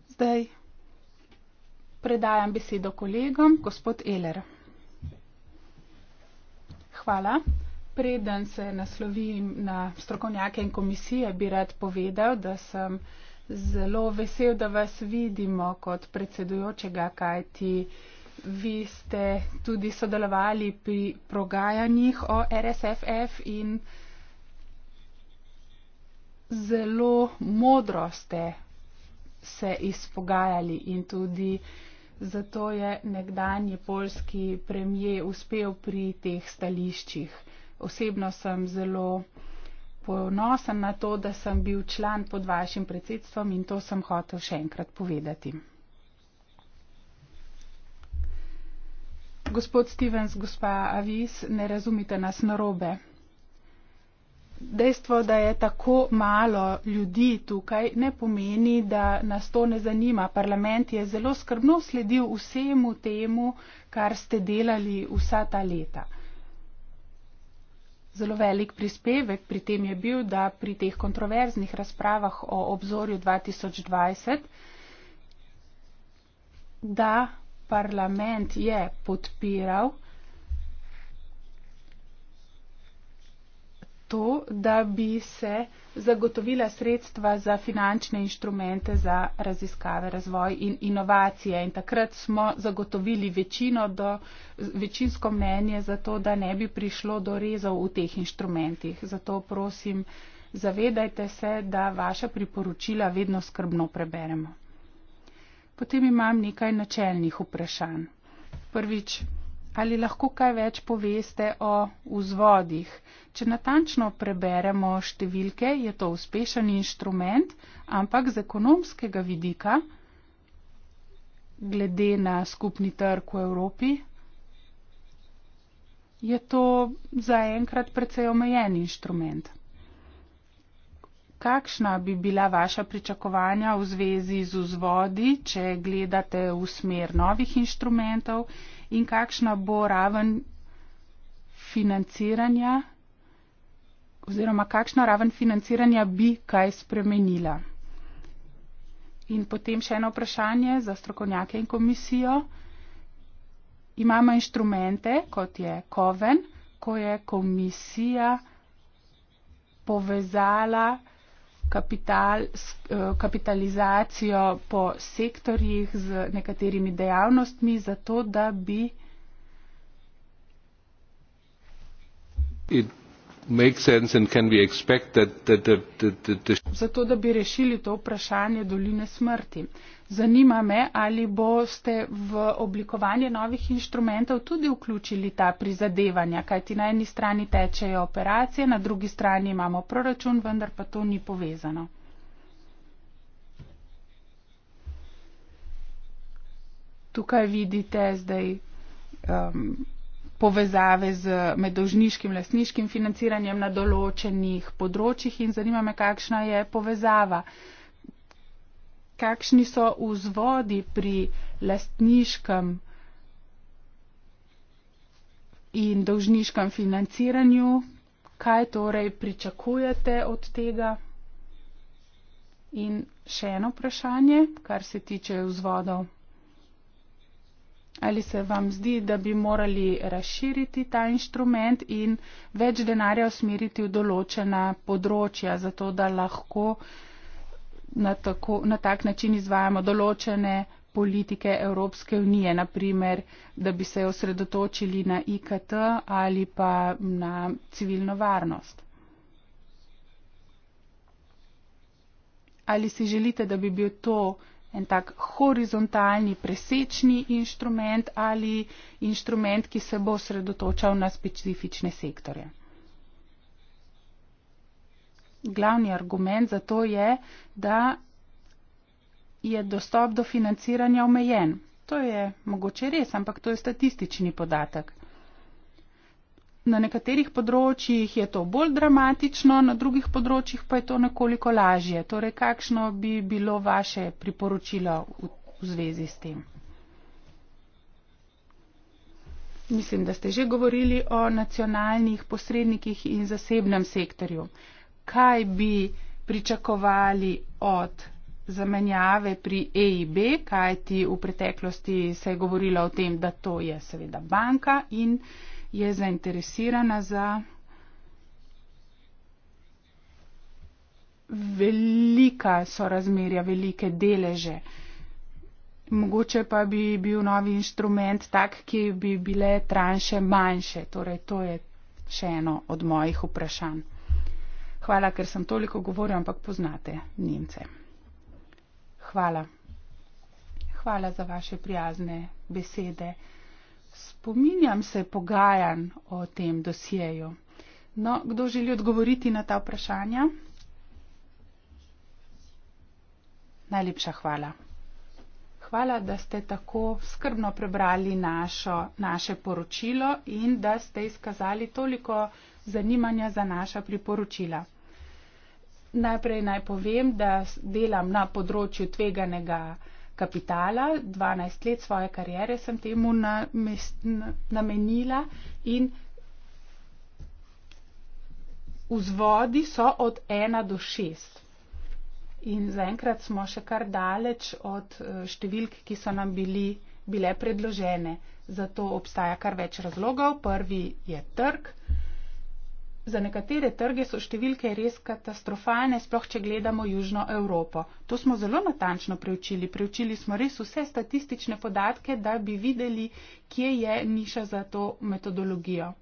Zdaj predajam besedo kolegom, gospod Eler. Hvala. Preden se naslovim na strokovnjake in komisije, bi rad povedal, da sem zelo vesel, da vas vidimo kot predsedujočega, kajti vi ste tudi sodelovali pri progajanjih o RSFF in zelo modro ste se izpogajali in tudi zato je nekdanji polski premije uspel pri teh stališčih. Osebno sem zelo ponosen na to, da sem bil član pod vašim predsedstvom in to sem hotel še enkrat povedati. Gospod Stevens, gospa Avis, ne razumite nas narobe. Dejstvo, da je tako malo ljudi tukaj, ne pomeni, da nas to ne zanima. Parlament je zelo skrbno sledil vsemu temu, kar ste delali vsa ta leta. Zelo velik prispevek pri tem je bil, da pri teh kontroverznih razpravah o obzorju 2020, da parlament je podpiral to, da bi se zagotovila sredstva za finančne inštrumente za raziskave, razvoj in inovacije. In takrat smo zagotovili do, večinsko mnenje za to, da ne bi prišlo do rezov v teh inštrumentih. Zato prosim, zavedajte se, da vaša priporočila vedno skrbno preberemo. Potem imam nekaj načelnih vprašanj. Prvič, ali lahko kaj več poveste o vzvodih. Če natančno preberemo številke, je to uspešen inštrument, ampak z ekonomskega vidika, glede na skupni trg v Evropi, je to zaenkrat precej omejen inštrument. Kakšna bi bila vaša pričakovanja v zvezi z vzvodi, če gledate v smer novih inštrumentov in kakšna bo raven financiranja oziroma kakšna raven financiranja bi kaj spremenila. In potem še eno vprašanje za strokovnjake in komisijo. Imamo inštrumente, kot je Koven, ko je komisija povezala kapital, eh, kapitalizacijo po sektorjih z nekaterimi dejavnostmi, zato da bi. That, that the, the, the, the... Zato, da bi rešili to vprašanje doline smrti. Zanima me, ali boste v oblikovanje novih inštrumentov tudi vključili ta prizadevanja, kajti na eni strani tečejo operacije, na drugi strani imamo proračun, vendar pa to ni povezano. Tukaj vidite zdaj um, povezave z medožniškim lasniškim financiranjem na določenih področjih in zanima me, kakšna je povezava kakšni so vzvodi pri lastniškem in dolžniškem financiranju, kaj torej pričakujete od tega. In še eno vprašanje, kar se tiče vzvodov. Ali se vam zdi, da bi morali razširiti ta inštrument in več denarja usmeriti v določena področja, zato da lahko uh, na, tako, na tak način izvajamo določene politike Evropske unije, naprimer, da bi se osredotočili na IKT ali pa na civilno varnost. Ali si želite, da bi bil to en tak horizontalni presečni inštrument ali inštrument, ki se bo osredotočal na specifične sektorje? glavni argument za to je, da je dostop do financiranja omejen. To je mogoče res, ampak to je statistični podatek. Na nekaterih področjih je to bolj dramatično, na drugih področjih pa je to nekoliko lažje. Torej, kakšno bi bilo vaše priporočilo v, v zvezi s tem? Mislim, da ste že govorili o nacionalnih posrednikih in zasebnem sektorju. Uh, kaj bi pričakovali od zamenjave pri EIB, kaj ti v preteklosti se je govorilo o tem, da to je seveda banka in je zainteresirana za velika sorazmerja, velike deleže. Mogoče pa bi bil novi inštrument tak, ki bi bile tranše manjše. Torej, to je še eno od mojih vprašanj. Hvala, ker sem toliko govoril, ampak poznate Nemce. Hvala. Hvala za vaše prijazne besede. Spominjam se pogajan o tem dosjeju. No, kdo želi odgovoriti na ta vprašanja? Najlepša hvala hvala, da ste tako skrbno prebrali našo, naše poročilo in da ste izkazali toliko zanimanja za naša priporočila. Najprej naj povem, da delam na področju tveganega kapitala. 12 let svoje karijere sem temu namenila in vzvodi so od 1 do 6. In zaenkrat smo še kar daleč od eh, številk, ki so nam bili, bile predložene. Zato obstaja kar več razlogov. Prvi je trg. Za nekatere trge so številke res katastrofalne, sploh če gledamo Južno Evropo. To smo zelo natančno preučili. Preučili smo res vse statistične podatke, da bi videli, kje je niša za to metodologijo.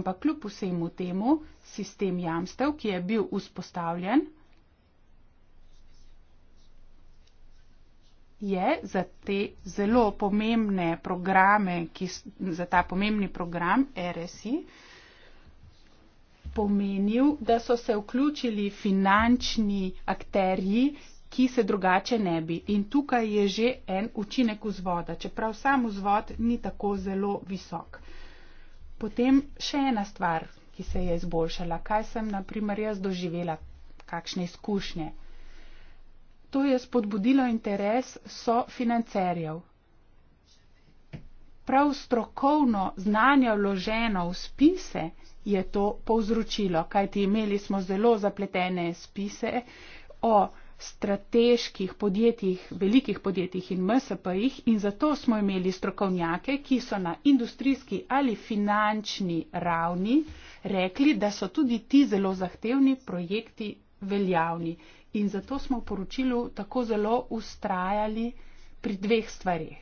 Ampak kljub vsemu temu, sistem jamstev, ki je bil vzpostavljen, je za te zelo pomembne programe, ki, za ta pomembni program RSI, pomenil, da so se vključili finančni akterji, ki se drugače ne bi. In tukaj je že en učinek vzvoda, čeprav sam vzvod ni tako zelo visok. Potem še ena stvar, ki se je izboljšala. Kaj sem, na primer, jaz doživela, kakšne izkušnje. To je spodbudilo interes sofinancerjev. Prav strokovno znanje vloženo v spise je to povzročilo, kajti imeli smo zelo zapletene spise o strateških podjetjih, velikih podjetjih in MSP-jih in zato smo imeli strokovnjake, ki so na industrijski ali finančni ravni rekli, da so tudi ti zelo zahtevni projekti veljavni in zato smo v poročilu tako zelo ustrajali pri dveh stvarih.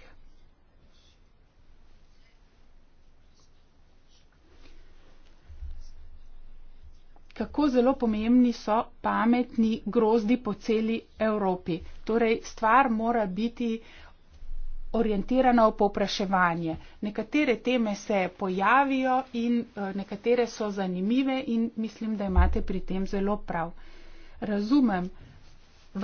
Kako zelo pomembni so pametni grozdi po celi Evropi. Torej, stvar mora biti orientirana v popraševanje. Nekatere teme se pojavijo in eh, nekatere so zanimive in mislim, da imate pri tem zelo prav razumem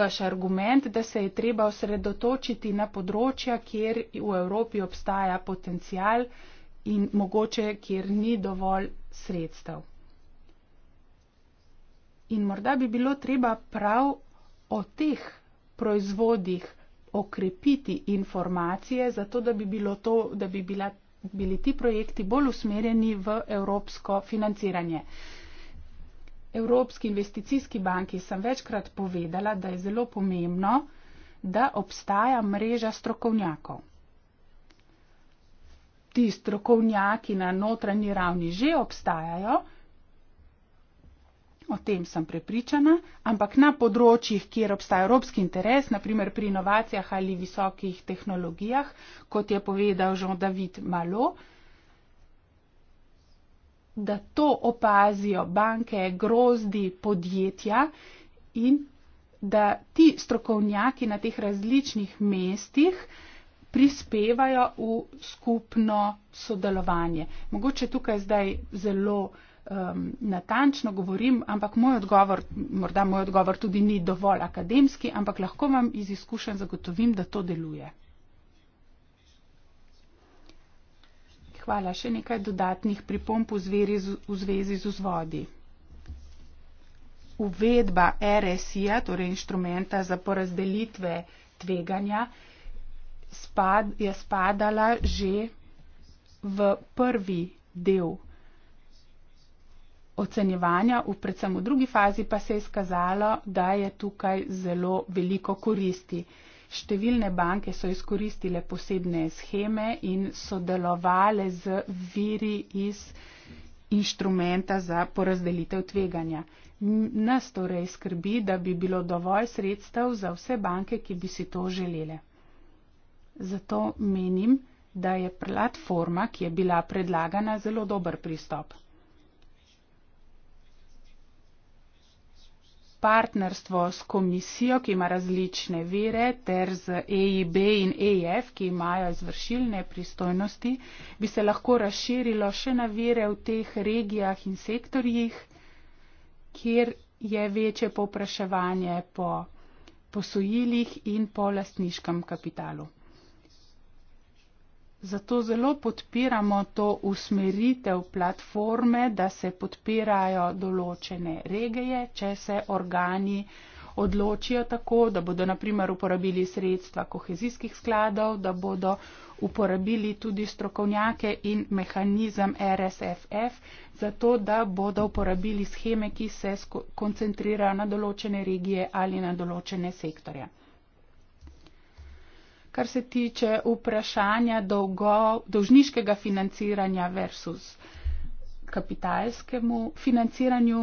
vaš argument, da se je treba osredotočiti na področja, kjer v Evropi obstaja potencial in mogoče, kjer ni dovolj sredstev. In morda bi bilo treba prav o teh proizvodih okrepiti informacije, zato da bi, bilo to, da bi bila, bili ti projekti bolj usmerjeni v evropsko financiranje. Uh, Evropski investicijski banki sem večkrat povedala, da je zelo pomembno, da obstaja mreža strokovnjakov. Ti strokovnjaki na notranji ravni že obstajajo, o tem sem prepričana, ampak na področjih, kjer obstaja evropski interes, naprimer pri inovacijah ali visokih tehnologijah, kot je povedal Jean-David Malot, da to opazijo banke, grozdi, podjetja in da ti strokovnjaki na teh različnih mestih prispevajo v skupno sodelovanje. Mogoče tukaj zdaj zelo um, natančno govorim, ampak moj odgovor, morda moj odgovor tudi ni dovolj akademski, ampak lahko vam iz izkušenj zagotovim, da to deluje. Hvala. Še nekaj dodatnih pripomp v, zveri, v zvezi z vzvodi. Uvedba RSI-ja, torej inštrumenta za porazdelitve tveganja, spad, je spadala že v prvi del ocenjevanja, v predvsem v drugi fazi pa se je skazalo, da je tukaj zelo veliko koristi. Številne banke so izkoristile posebne scheme in sodelovale z viri iz inštrumenta za porazdelitev tveganja. Nas torej skrbi, da bi bilo dovolj sredstev za vse banke, ki bi si to želele. Zato menim, da je platforma, ki je bila predlagana, zelo dober pristop. partnerstvo s komisijo, ki ima različne vire, ter z EIB in EF, ki imajo izvršilne pristojnosti, bi se lahko razširilo še na vire v teh regijah in sektorjih, kjer je večje popraševanje po posojilih in po lastniškem kapitalu. Zato zelo podpiramo to usmeritev platforme, da se podpirajo določene regije, če se organi odločijo tako, da bodo naprimer uporabili sredstva kohezijskih skladov, da bodo uporabili tudi strokovnjake in mehanizem RSFF, zato da bodo uporabili scheme, ki se koncentrirajo na določene regije ali na določene sektorje kar se tiče vprašanja dolgo, dolžniškega financiranja versus kapitalskemu financiranju.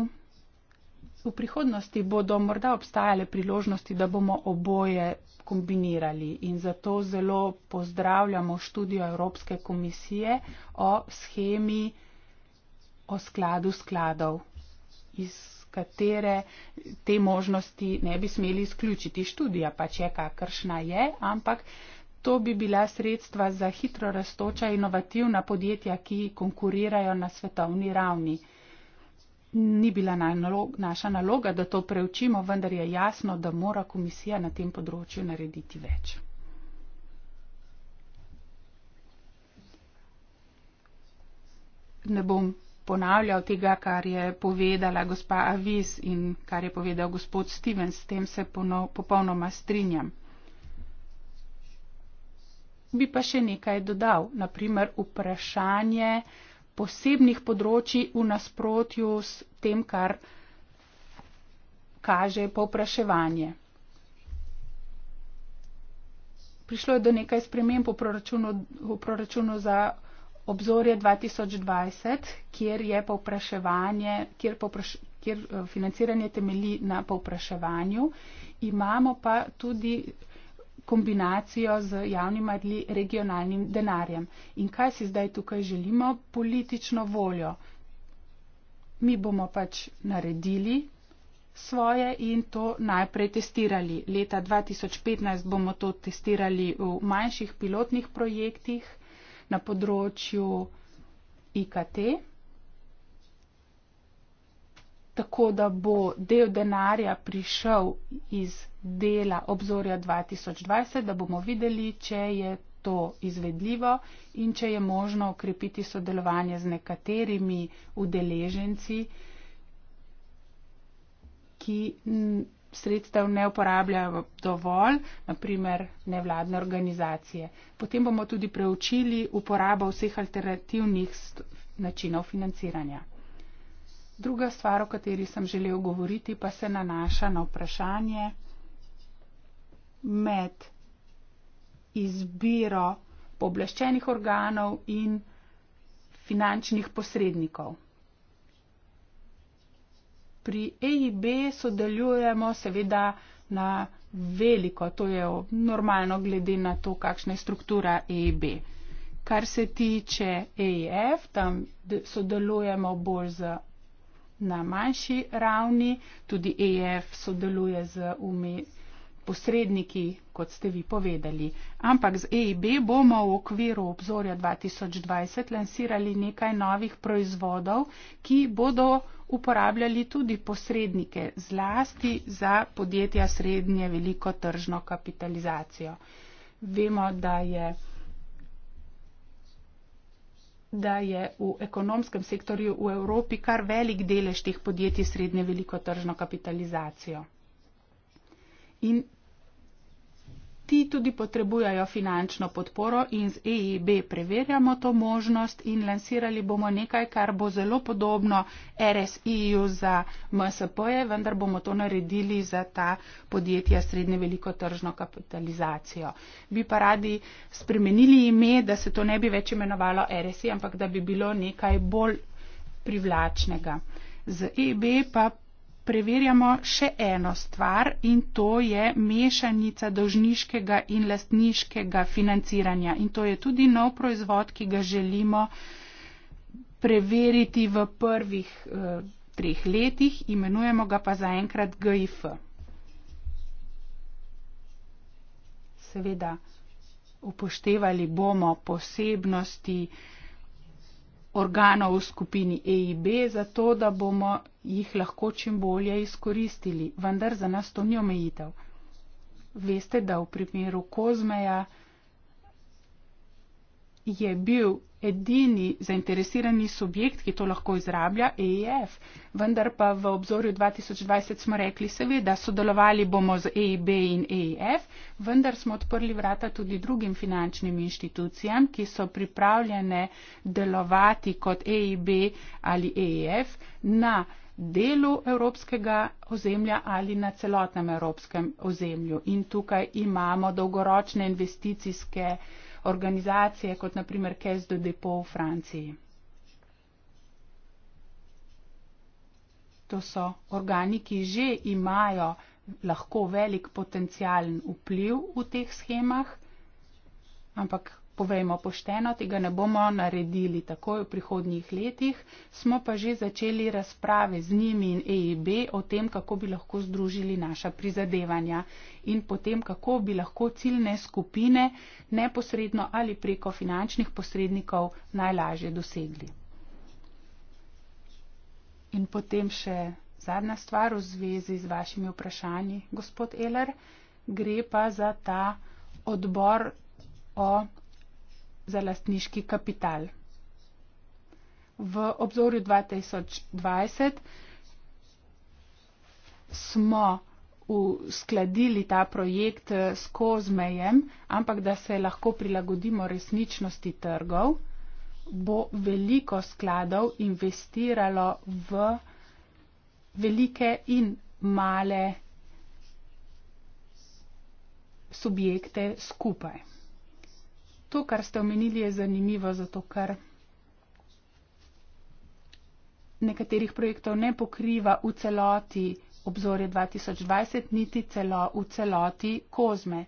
V prihodnosti bodo morda obstajale priložnosti, da bomo oboje kombinirali in zato zelo pozdravljamo študijo Evropske komisije o schemi o skladu skladov iz katere te možnosti ne bi smeli izključiti. Študija pač je kakršna je, ampak to bi bila sredstva za hitro raztoča inovativna podjetja, ki konkurirajo na svetovni ravni. Ni bila naša naloga, da to preučimo, vendar je jasno, da mora komisija na tem področju narediti več. Ne bom ponavljal tega, kar je povedala gospa Avis in kar je povedal gospod Steven, s tem se ponov, popolnoma strinjam. Bi pa še nekaj dodal, naprimer vprašanje posebnih področji v nasprotju s tem, kar kaže povpraševanje. Prišlo je do nekaj sprememb v proračunu, v proračunu za obzorje 2020, kjer je povpraševanje, kjer, povpraš, kjer eh, financiranje temelji na povpraševanju. Imamo pa tudi kombinacijo z javnim ali regionalnim denarjem. In kaj si zdaj tukaj želimo? Politično voljo. Mi bomo pač naredili svoje in to najprej testirali. Leta 2015 bomo to testirali v manjših pilotnih projektih, na področju IKT, tako da bo del denarja prišel iz dela obzorja 2020, da bomo videli, če je to izvedljivo in če je možno okrepiti sodelovanje z nekaterimi udeleženci, ki sredstev ne uporabljajo dovolj, naprimer nevladne organizacije. Potem bomo tudi preučili uporabo vseh alternativnih načinov financiranja. Druga stvar, o kateri sem želel govoriti, pa se nanaša na vprašanje med izbiro pobleščenih organov in finančnih posrednikov pri EIB sodelujemo seveda na veliko, to je normalno glede na to, kakšna je struktura EIB. Kar se tiče EIF, tam sodelujemo bolj z, na manjši ravni, tudi EIF sodeluje z posredniki, kot ste vi povedali. Ampak z EIB bomo v okviru obzorja 2020 lansirali nekaj novih proizvodov, ki bodo uporabljali tudi posrednike zlasti za podjetja srednje veliko tržno kapitalizacijo. Vemo, da je da je v ekonomskem sektorju v Evropi kar velik delež teh podjetij srednje veliko tržno kapitalizacijo. In Ti tudi potrebujajo finančno podporo in z EIB preverjamo to možnost in lansirali bomo nekaj, kar bo zelo podobno RSI-ju za MSP-je, vendar bomo to naredili za ta podjetja srednje veliko tržno kapitalizacijo. Bi pa radi spremenili ime, da se to ne bi več imenovalo RSI, ampak da bi bilo nekaj bolj privlačnega. Z EIB pa preverjamo še eno stvar in to je mešanica dolžniškega in lastniškega financiranja. In to je tudi nov proizvod, ki ga želimo preveriti v prvih eh, treh letih, imenujemo ga pa zaenkrat GIF. Seveda upoštevali bomo posebnosti, eh, organov v skupini EIB, zato da bomo jih lahko čim bolje izkoristili, vendar za nas to ni omejitev. Veste, da v primeru Kozmeja je bil edini zainteresirani subjekt, ki to lahko izrablja, EIF. E vendar pa v obzorju 2020 smo rekli seveda, sodelovali bomo z EIB in EIF, e vendar smo odprli vrata tudi drugim finančnim inštitucijam, ki so pripravljene delovati kot EIB ali EIF e na delu evropskega ozemlja ali na celotnem evropskem ozemlju. In tukaj imamo dolgoročne investicijske organizacije, kot naprimer Caisse de Depot v Franciji. To so organi, ki že imajo lahko velik potencijalen vpliv v teh schemah, ampak povejmo pošteno, tega ne bomo naredili takoj v prihodnjih letih, smo pa že začeli razprave z njimi in EIB o tem, kako bi lahko združili naša prizadevanja in potem, kako bi lahko ciljne skupine neposredno ali preko finančnih posrednikov najlažje dosegli. In potem še zadnja stvar v zvezi z vašimi vprašanji, gospod Eler, gre pa za ta odbor o za lastniški kapital. V obzorju 2020 smo uskladili ta projekt eh, skozi mejem, ampak da se lahko prilagodimo resničnosti trgov, bo veliko skladov investiralo v velike in male subjekte skupaj to, kar ste omenili, je zanimivo, zato ker nekaterih projektov ne pokriva v celoti obzorje 2020, niti celo v celoti kozme.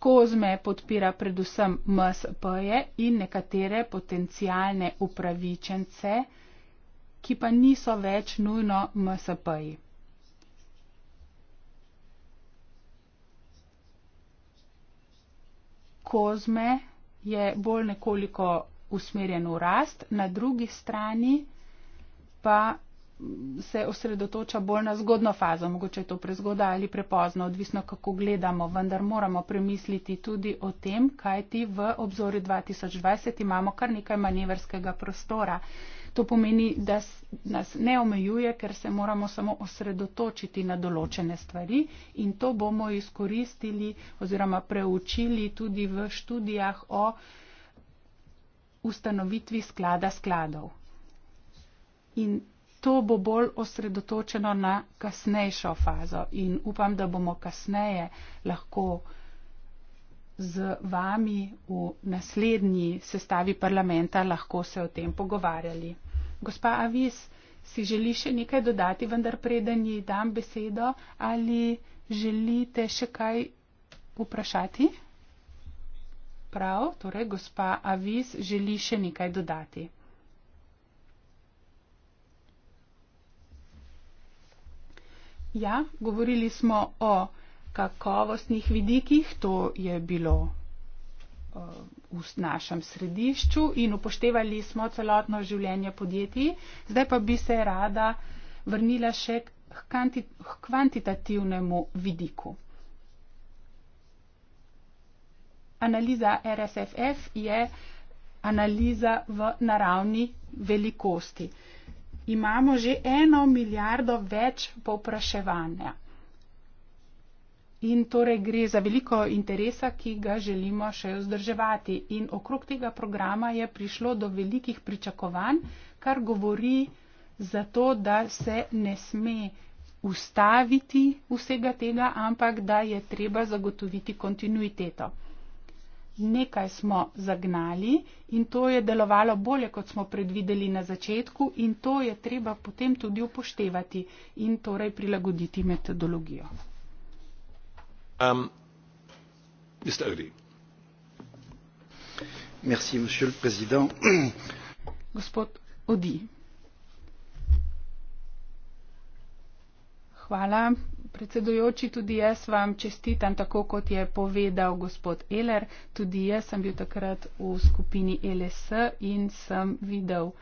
Kozme podpira predvsem MSP-je in nekatere potencijalne upravičence, ki pa niso več nujno MSP-ji. kozme je bolj nekoliko usmerjen v rast, na drugi strani pa se osredotoča bolj na zgodno fazo, mogoče je to prezgoda ali prepozno, odvisno kako gledamo, vendar moramo premisliti tudi o tem, kaj ti v obzorju 2020 imamo kar nekaj manevrskega prostora. Uh, To pomeni, da nas ne omejuje, ker se moramo samo osredotočiti na določene stvari in to bomo izkoristili oziroma preučili tudi v študijah o ustanovitvi sklada skladov. In to bo bolj osredotočeno na kasnejšo fazo in upam, da bomo kasneje lahko z vami v naslednji sestavi parlamenta lahko se o tem pogovarjali. Gospa Avis, si želi še nekaj dodati, vendar preden ji dam besedo, ali želite še kaj vprašati? Prav, torej gospa Avis želi še nekaj dodati. Ja, govorili smo o kakovostnih vidikih, to je bilo uh, v našem središču in upoštevali smo celotno življenje podjetij. Zdaj pa bi se rada vrnila še k kvantitativnemu vidiku. Analiza RSFF je analiza v naravni velikosti. Imamo že eno milijardo več povpraševanja. In torej gre za veliko interesa, ki ga želimo še vzdrževati. In okrog tega programa je prišlo do velikih pričakovanj, kar govori za to, da se ne sme ustaviti vsega tega, ampak da je treba zagotoviti kontinuiteto. Nekaj smo zagnali in to je delovalo bolje, kot smo predvideli na začetku in to je treba potem tudi upoštevati in torej prilagoditi metodologijo. Um, monsieur le président gospod audy hvala predsedujoči tudi jaz vam čestitam tako kot je povedal gospod ehler tudi jaz sem bil takrat v skupini els in sem videl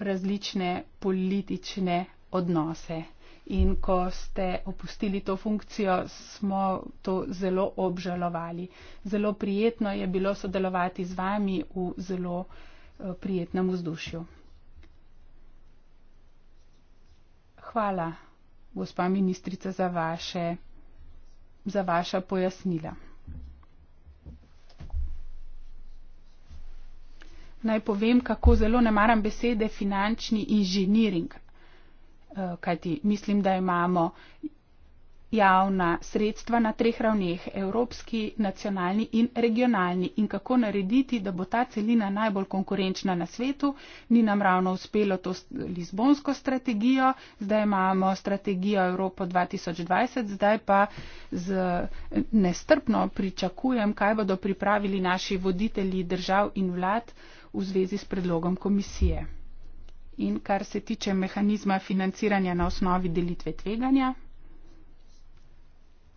različne politične odnose in ko ste opustili to funkcijo, smo to zelo obžalovali. Zelo prijetno je bilo sodelovati z vami v zelo eh, prijetnem vzdušju. Hvala, gospa ministrica, za, vaše, za vaša pojasnila. Naj povem, kako zelo ne maram besede finančni inženiring Eh, kajti mislim, da imamo javna sredstva na treh ravneh, evropski, nacionalni in regionalni. In kako narediti, da bo ta celina najbolj konkurenčna na svetu, ni nam ravno uspelo to Lizbonsko strategijo, zdaj imamo strategijo Evropo 2020, zdaj pa z nestrpno pričakujem, kaj bodo pripravili naši voditelji držav in vlad v zvezi s predlogom komisije. In kar se tiče mehanizma financiranja na osnovi delitve tveganja,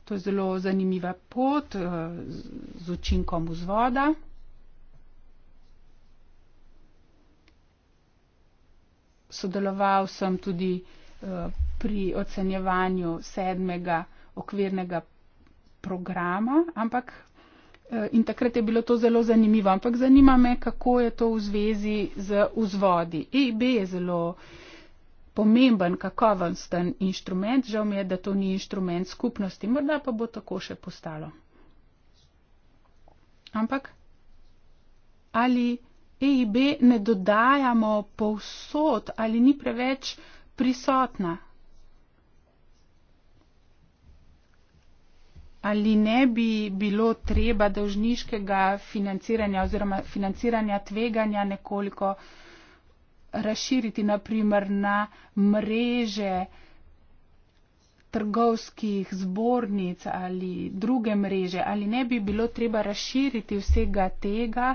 to je zelo zanimiva pot eh, z učinkom vzvoda. Sodeloval sem tudi eh, pri ocenjevanju sedmega okvirnega programa, ampak Eh, in takrat je bilo to zelo zanimivo, ampak zanima me, kako je to v zvezi z vzvodi. EIB je zelo pomemben, kakovosten inštrument, žal mi je, da to ni inštrument skupnosti, morda pa bo tako še postalo. Ampak ali EIB ne dodajamo povsod, ali ni preveč prisotna? ali ne bi bilo treba dolžniškega financiranja oziroma financiranja tveganja nekoliko razširiti naprimer na mreže trgovskih zbornic ali druge mreže, ali ne bi bilo treba razširiti vsega tega,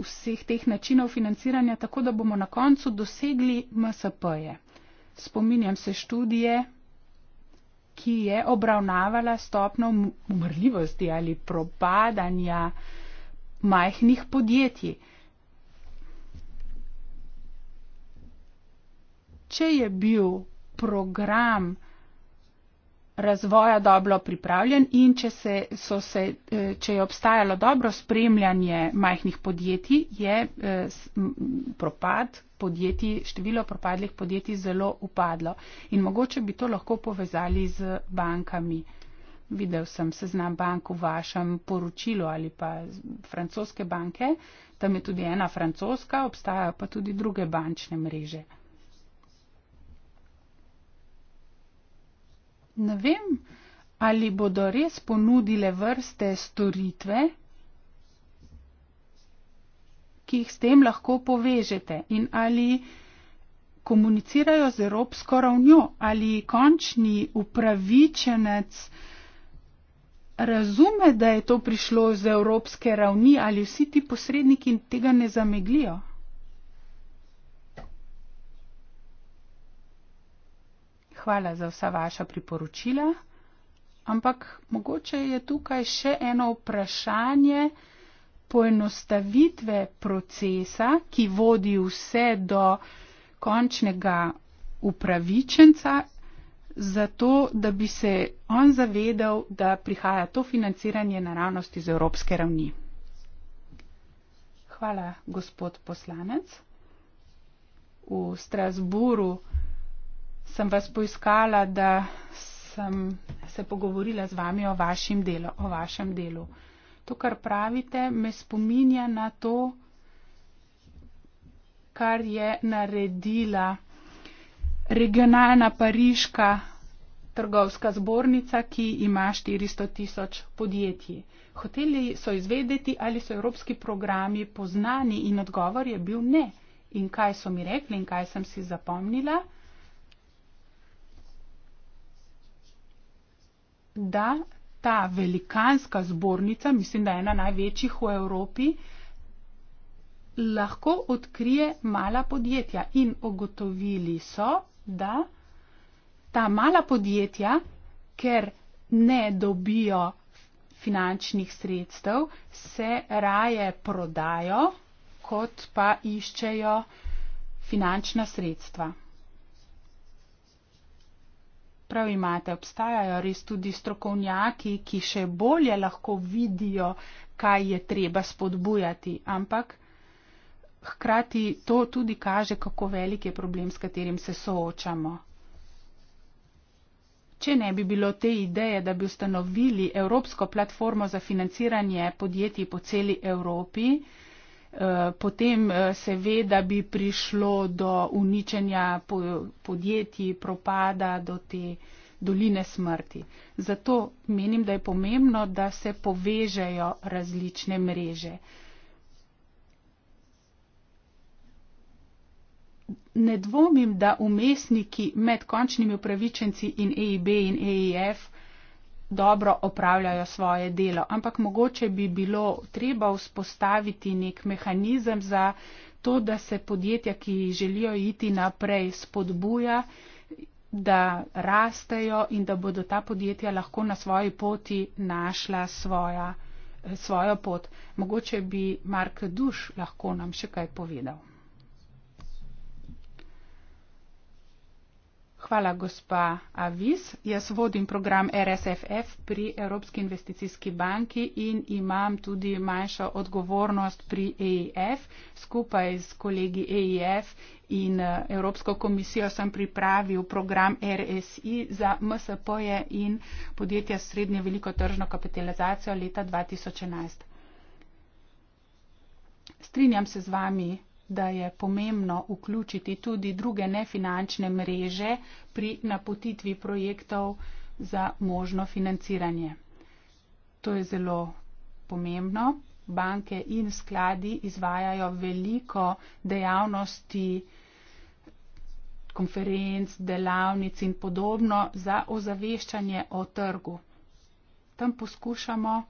vseh teh načinov financiranja, tako da bomo na koncu dosegli MSP-je. Spominjam se študije, ki je obravnavala stopno umrljivosti ali propadanja majhnih podjetij. Če je bil program razvoja dobro pripravljen in če, se, so se, eh, če je obstajalo dobro spremljanje majhnih podjetij, je eh, propad podjetij, število propadlih podjetij zelo upadlo. In mogoče bi to lahko povezali z bankami. Videl sem seznam bank v vašem poročilu ali pa francoske banke. Tam je tudi ena francoska, obstajajo pa tudi druge bančne mreže. ne vem, ali bodo res ponudile vrste storitve, ki jih s tem lahko povežete in ali komunicirajo z evropsko ravnjo, ali končni upravičenec razume, da je to prišlo z evropske ravni, ali vsi ti posredniki tega ne zameglijo. hvala za vsa vaša priporočila, ampak mogoče je tukaj še eno vprašanje poenostavitve procesa, ki vodi vse do končnega upravičenca, zato da bi se on zavedal, da prihaja to financiranje naravnosti z evropske ravni. Hvala, gospod poslanec. V Strasburu sem vas poiskala, da sem se pogovorila z vami o, delu, o vašem delu. To, kar pravite, me spominja na to, kar je naredila regionalna pariška trgovska zbornica, ki ima 400 tisoč podjetij. Hoteli so izvedeti, ali so evropski programi poznani in odgovor je bil ne. In kaj so mi rekli in kaj sem si zapomnila? da ta velikanska zbornica, mislim, da je ena največjih v Evropi, lahko odkrije mala podjetja in ugotovili so, da ta mala podjetja, ker ne dobijo finančnih sredstev, se raje prodajo, kot pa iščejo finančna sredstva prav imate, obstajajo res tudi strokovnjaki, ki še bolje lahko vidijo, kaj je treba spodbujati, ampak hkrati to tudi kaže, kako velik je problem, s katerim se soočamo. Če ne bi bilo te ideje, da bi ustanovili Evropsko platformo za financiranje podjetij po celi Evropi, Eh, potem eh, seveda bi prišlo do uničenja podjetij, propada, do te doline smrti. Zato menim, da je pomembno, da se povežejo različne mreže. Ne dvomim, da umestniki med končnimi upravičenci in EIB in EIF dobro opravljajo svoje delo, ampak mogoče bi bilo treba vzpostaviti nek mehanizem za to, da se podjetja, ki želijo iti naprej, spodbuja, da rastejo in da bodo ta podjetja lahko na svoji poti našla svoja, eh, svojo pot. Mogoče bi Mark Duš lahko nam še kaj povedal. Hvala, gospa Avis. Jaz vodim program RSFF pri Evropski investicijski banki in imam tudi manjšo odgovornost pri EIF. Skupaj s kolegi EIF in eh, Evropsko komisijo sem pripravil program RSI za MSP-je in podjetja s srednje veliko tržno kapitalizacijo leta 2011. Strinjam se z vami, da je pomembno vključiti tudi druge nefinančne mreže pri napotitvi projektov za možno financiranje. To je zelo pomembno. Banke in skladi izvajajo veliko dejavnosti, konferenc, delavnic in podobno za ozaveščanje o trgu. Tam poskušamo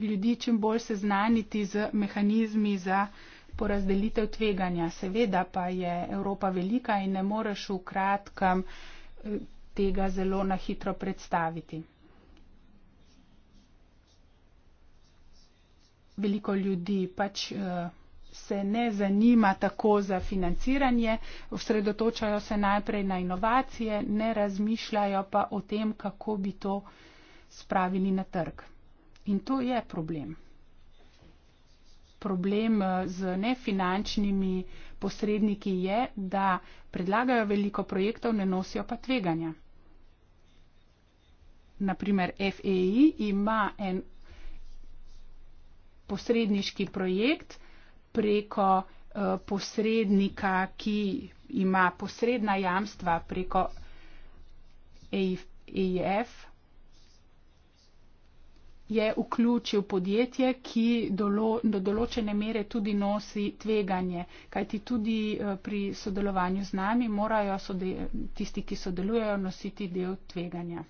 ljudi čim bolj seznaniti z mehanizmi za porazdelitev tveganja. Seveda pa je Evropa velika in ne moreš v kratkem eh, tega zelo na hitro predstaviti. Veliko ljudi pač eh, se ne zanima tako za financiranje, osredotočajo se najprej na inovacije, ne razmišljajo pa o tem, kako bi to spravili na trg. In to je problem problem eh, z nefinančnimi posredniki je, da predlagajo veliko projektov, ne nosijo pa tveganja. Naprimer, FEI ima en posredniški projekt preko eh, posrednika, ki ima posredna jamstva preko EIF, EIF je vključil podjetje, ki dolo, do določene mere tudi nosi tveganje, kajti tudi eh, pri sodelovanju z nami morajo sode, tisti, ki sodelujejo, nositi del tveganja.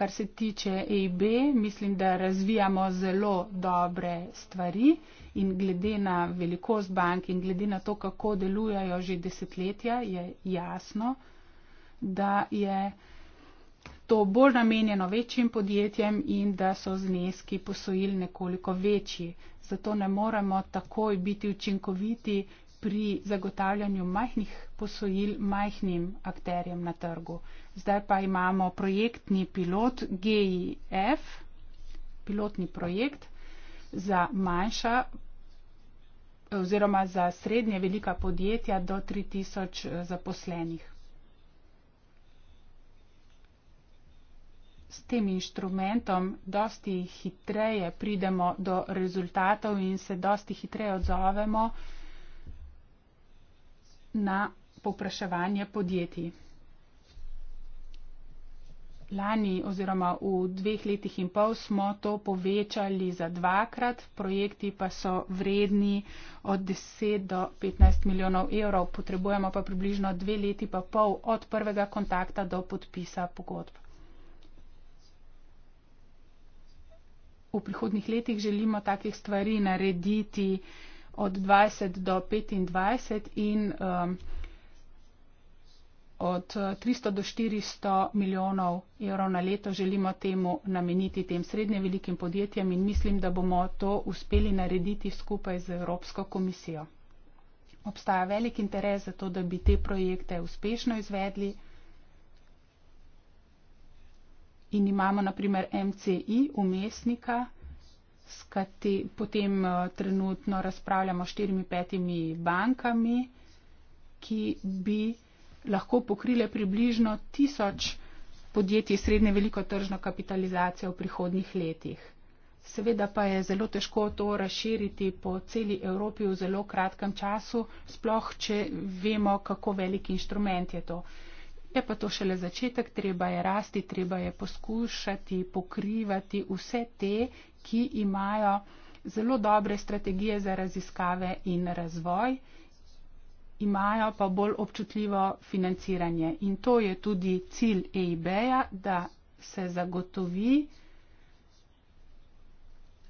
Kar se tiče EIB, mislim, da razvijamo zelo dobre stvari in glede na velikost bank in glede na to, kako delujejo že desetletja, je jasno, da je to bolj namenjeno večjim podjetjem in da so zneski posojil nekoliko večji. Zato ne moremo takoj biti učinkoviti pri zagotavljanju majhnih posojil majhnim akterjem na trgu. Zdaj pa imamo projektni pilot GIF, pilotni projekt za manjša oziroma za srednje velika podjetja do 3000 eh, zaposlenih. s tem inštrumentom dosti hitreje pridemo do rezultatov in se dosti hitreje odzovemo na popraševanje podjetij. Lani oziroma v dveh letih in pol smo to povečali za dvakrat, projekti pa so vredni od 10 do 15 milijonov evrov, potrebujemo pa približno dve leti pa pol od prvega kontakta do podpisa pogodb. v prihodnih letih želimo takih stvari narediti od 20 do 25 in um, od 300 do 400 milijonov evrov na leto želimo temu nameniti tem srednje velikim podjetjem in mislim, da bomo to uspeli narediti skupaj z Evropsko komisijo. Obstaja velik interes za to, da bi te projekte uspešno izvedli in imamo naprimer MCI umestnika, s katerim potem eh, trenutno razpravljamo štirimi, petimi bankami, ki bi lahko pokrile približno tisoč podjetij srednje veliko tržno kapitalizacijo v prihodnjih letih. Seveda pa je zelo težko to razširiti po celi Evropi v zelo kratkem času, sploh če vemo, kako velik inštrument je to. Uh, je pa to šele začetek, treba je rasti, treba je poskušati pokrivati vse te, ki imajo zelo dobre strategije za raziskave in razvoj, imajo pa bolj občutljivo financiranje. In to je tudi cilj EIB-ja, da se zagotovi,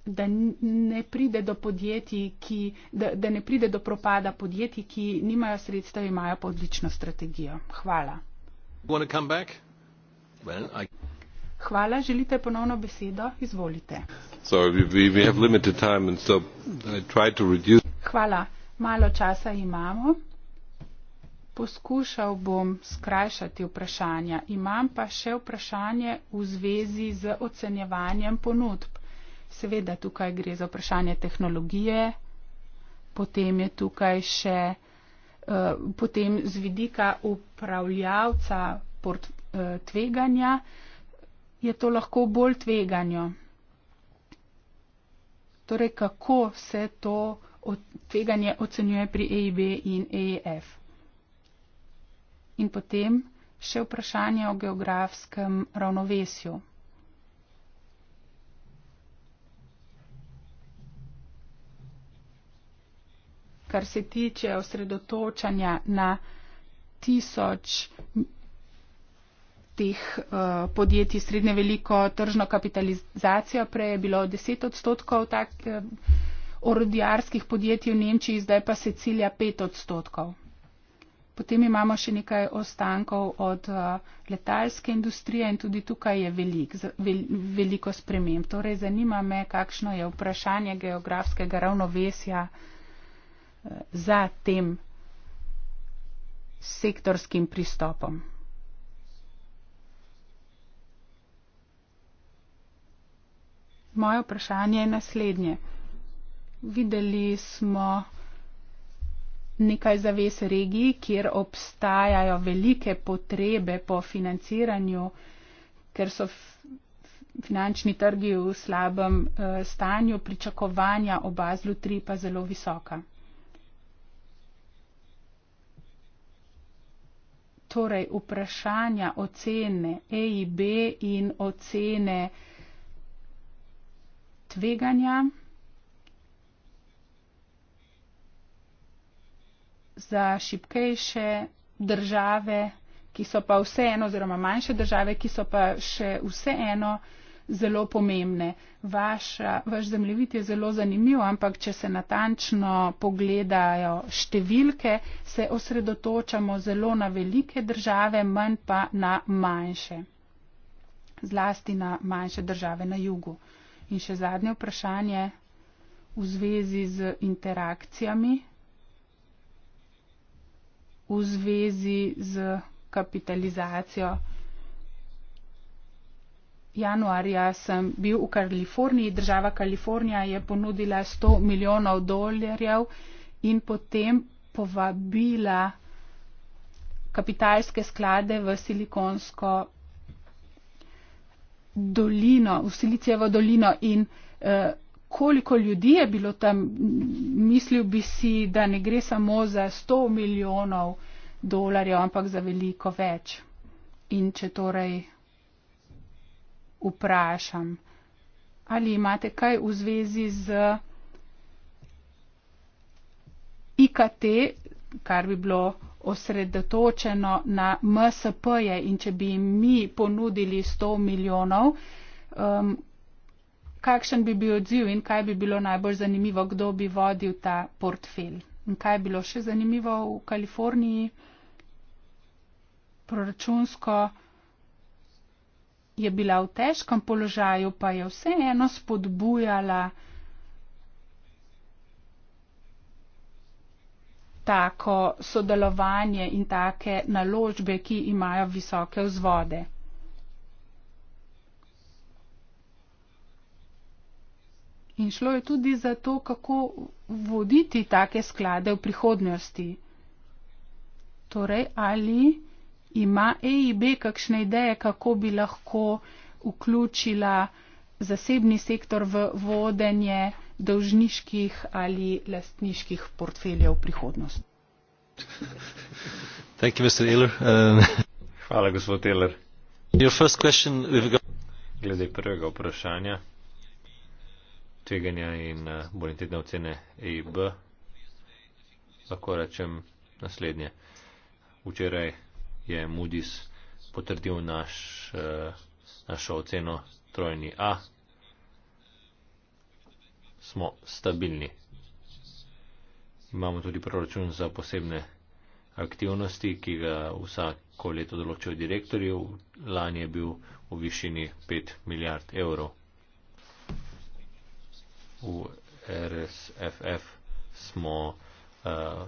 da ne, pride do podjetij, ki, da, da ne pride do propada podjetij, ki nimajo sredstev, imajo pa odlično strategijo. Hvala. Hvala. Želite ponovno besedo? Izvolite. Hvala. Malo časa imamo. Poskušal bom skrajšati vprašanja. Imam pa še vprašanje v zvezi z ocenjevanjem ponudb. Seveda tukaj gre za vprašanje tehnologije, potem je tukaj še. Eh, potem z vidika upravljavca port, eh, tveganja je to lahko bolj tveganjo. Torej, kako se to tveganje ocenjuje pri EIB in EIF. In potem še vprašanje o geografskem ravnovesju. kar se tiče osredotočanja na tisoč teh uh, podjetij srednje veliko tržno kapitalizacijo. Prej je bilo 10 odstotkov tak, uh, orodjarskih podjetij v Nemčiji, zdaj pa se cilja 5 odstotkov. Potem imamo še nekaj ostankov od uh, letalske industrije in tudi tukaj je velik, vel, veliko sprememb. Torej, zanima me, kakšno je vprašanje geografskega ravnovesja za tem sektorskim pristopom. Moje vprašanje je naslednje. Videli smo nekaj zaves regiji, kjer obstajajo velike potrebe po financiranju, ker so finančni trgi v slabem eh, stanju, pričakovanja o Bazlu 3 pa zelo visoka. torej vprašanja ocene EIB in ocene tveganja za šipkejše države, ki so pa vseeno, oziroma manjše države, ki so pa še vseeno uh, zelo pomembne. Vaša, vaš zemljevid je zelo zanimiv, ampak če se natančno pogledajo številke, se osredotočamo zelo na velike države, manj pa na manjše. Zlasti na manjše države na jugu. In še zadnje vprašanje v zvezi z interakcijami, v zvezi z kapitalizacijo januarja sem bil v Kaliforniji, država Kalifornija je ponudila 100 milijonov dolarjev in potem povabila kapitalske sklade v silikonsko dolino, v Silicijevo dolino in eh, koliko ljudi je bilo tam, mislil bi si, da ne gre samo za 100 milijonov dolarjev, ampak za veliko več. In če torej vprašam, ali imate kaj v zvezi z IKT, kar bi bilo osredotočeno na MSP-je in če bi jim mi ponudili 100 milijonov, um, kakšen bi bil odziv in kaj bi bilo najbolj zanimivo, kdo bi vodil ta portfelj. In kaj je bilo še zanimivo v Kaliforniji? Proračunsko je bila v težkem položaju, pa je vseeno spodbujala tako sodelovanje in take naložbe, ki imajo visoke vzvode. In šlo je tudi za to, kako voditi take sklade v prihodnosti. Torej, ali Ima EIB kakšne ideje, kako bi lahko vključila zasebni sektor v vodenje dolžniških ali lastniških portfeljev v prihodnost? Thank you, Mr. Taylor. Um, Hvala, gospod Taylor. Your first question, got... Glede prvega vprašanja, tveganja in uh, bonitetne ocene EIB, lahko rečem naslednje. Včeraj je Moody's potrdil naš, eh, našo oceno trojni A. Smo stabilni. Imamo tudi proračun za posebne aktivnosti, ki ga vsako leto določijo direktorji. Lani je bil v višini 5 milijard evrov. V RSFF smo uh,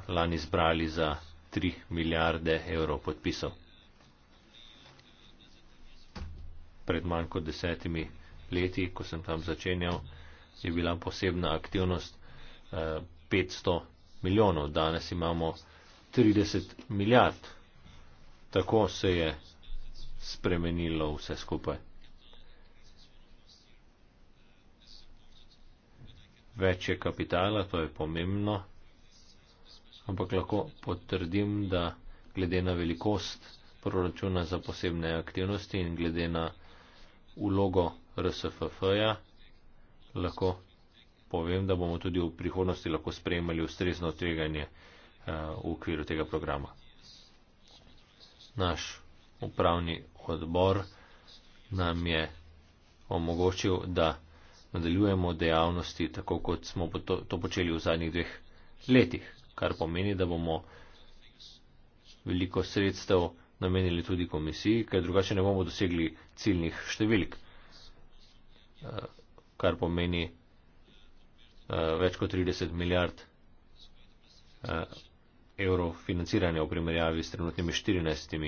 lani zbrali za 3 milijarde evrov podpisov. Pred manj kot desetimi leti, ko sem tam začenjal, je bila posebna aktivnost 500 eh, milijonov, danes imamo 30 milijard. Tako se je spremenilo vse skupaj. Več je kapitala, to je pomembno ampak lahko potrdim, da glede na velikost proračuna za posebne aktivnosti in glede na ulogo RSFF-ja lahko povem, da bomo tudi v prihodnosti lahko sprejemali ustrezno tveganje eh, v okviru tega programa. Naš upravni odbor nam je omogočil, da nadaljujemo dejavnosti tako, kot smo to počeli v zadnjih dveh letih kar pomeni, da bomo veliko sredstev namenili tudi komisiji, ker drugače ne bomo dosegli ciljnih številk, eh, kar pomeni eh, več kot 30 milijard eh, evrov financiranja v primerjavi s trenutnimi 14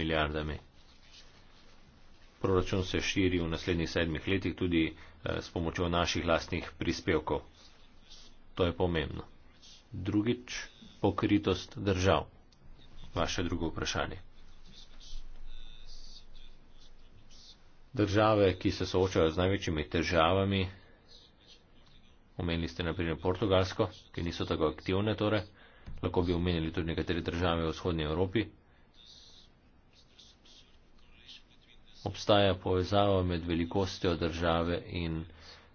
milijardami. Proračun se širi v naslednjih sedmih letih tudi s pomočjo naših lastnih prispevkov. To je pomembno. Drugič, pokritost držav. Vaše drugo vprašanje. Države, ki se soočajo z največjimi težavami, omenili ste naprimer Portugalsko, ki niso tako aktivne, torej, lahko bi omenili tudi nekatere države v vzhodnji Evropi. Obstaja povezava med velikostjo države in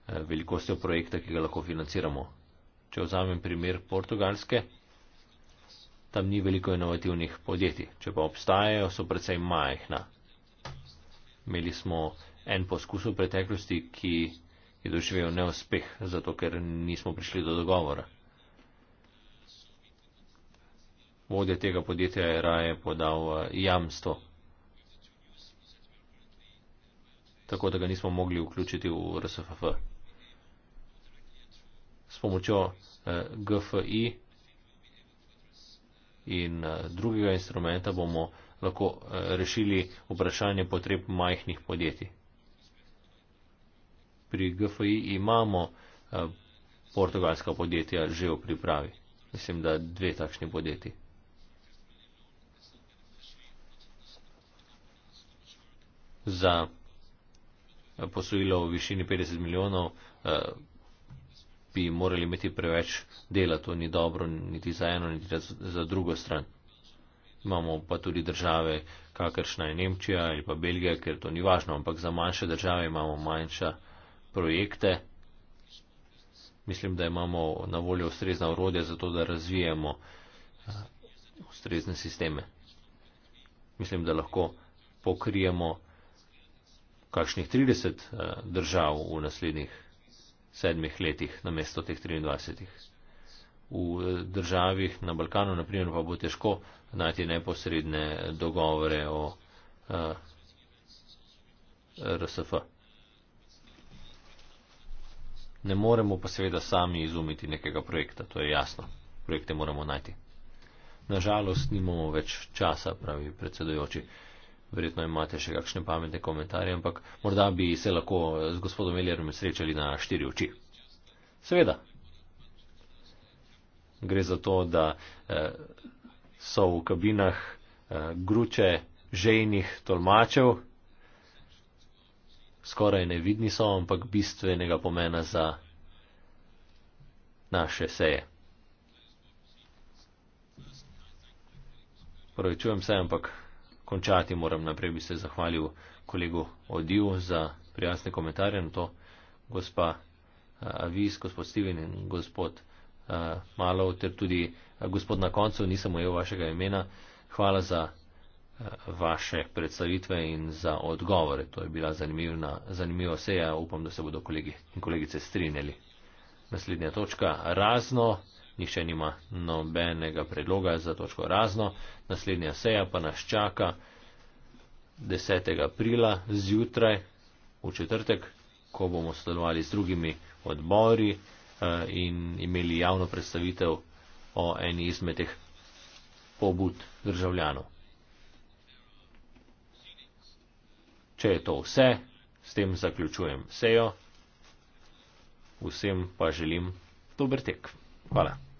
eh, velikostjo projekta, ki ga lahko financiramo če vzamem primer Portugalske, tam ni veliko inovativnih podjetij, če pa obstajajo, so precej majhna. Imeli smo en poskus v preteklosti, ki je doživel neuspeh, zato ker nismo prišli do dogovora. Vodja tega podjetja je raje podal eh, jamstvo, tako da ga nismo mogli vključiti v RSFF s pomočjo eh, GFI in eh, drugega instrumenta bomo lahko eh, rešili vprašanje potreb majhnih podjetij. Pri GFI imamo eh, portugalska podjetja že v pripravi. Mislim, da dve takšni podjetji. Za eh, posojilo v višini 50 milijonov eh, bi morali imeti preveč dela, to ni dobro niti za eno, niti za drugo stran. Imamo pa tudi države, kakršna je Nemčija ali pa Belgija, ker to ni važno, ampak za manjše države imamo manjša projekte. Mislim, da imamo na voljo ustrezna urodja za to, da razvijemo eh, ustrezne sisteme. Mislim, da lahko pokrijemo kakšnih 30 eh, držav v naslednjih sedmih letih, namesto teh 23. V eh, državi na Balkanu, na primer, pa bo težko najti neposredne dogovore o uh, eh, RSF. Ne moremo pa seveda sami izumiti nekega projekta, to je jasno. Projekte moramo najti. Nažalost, nimamo več časa, pravi predsedojoči. Uh, verjetno imate še kakšne pametne komentarje, ampak morda bi se lahko z gospodom Elerom srečali na štiri oči. Seveda. Gre za to, da eh, so v kabinah eh, gruče žejnih tolmačev, skoraj nevidni so, ampak bistvenega pomena za naše seje. Pravičujem se, ampak končati, moram naprej bi se zahvalil kolegu Odiju za prijazne komentarje na to, gospa eh, Avis, gospod Steven in gospod eh, Malov ter tudi eh, gospod na koncu, nisem ujel vašega imena. Hvala za vaše predstavitve in za odgovore. To je bila zanimivna, zanimiva seja. Upam, da se bodo kolegi in kolegice strinjali. Naslednja točka. Razno Nihče nima nobenega predloga za točko razno. Naslednja seja pa nas čaka 10. aprila zjutraj v četrtek, ko bomo sodelovali z drugimi odbori eh, in imeli javno predstavitev o eni izmed teh pobud državljanov. Če je to vse, s tem zaključujem sejo. Vsem pa želim dober tek. Hvala.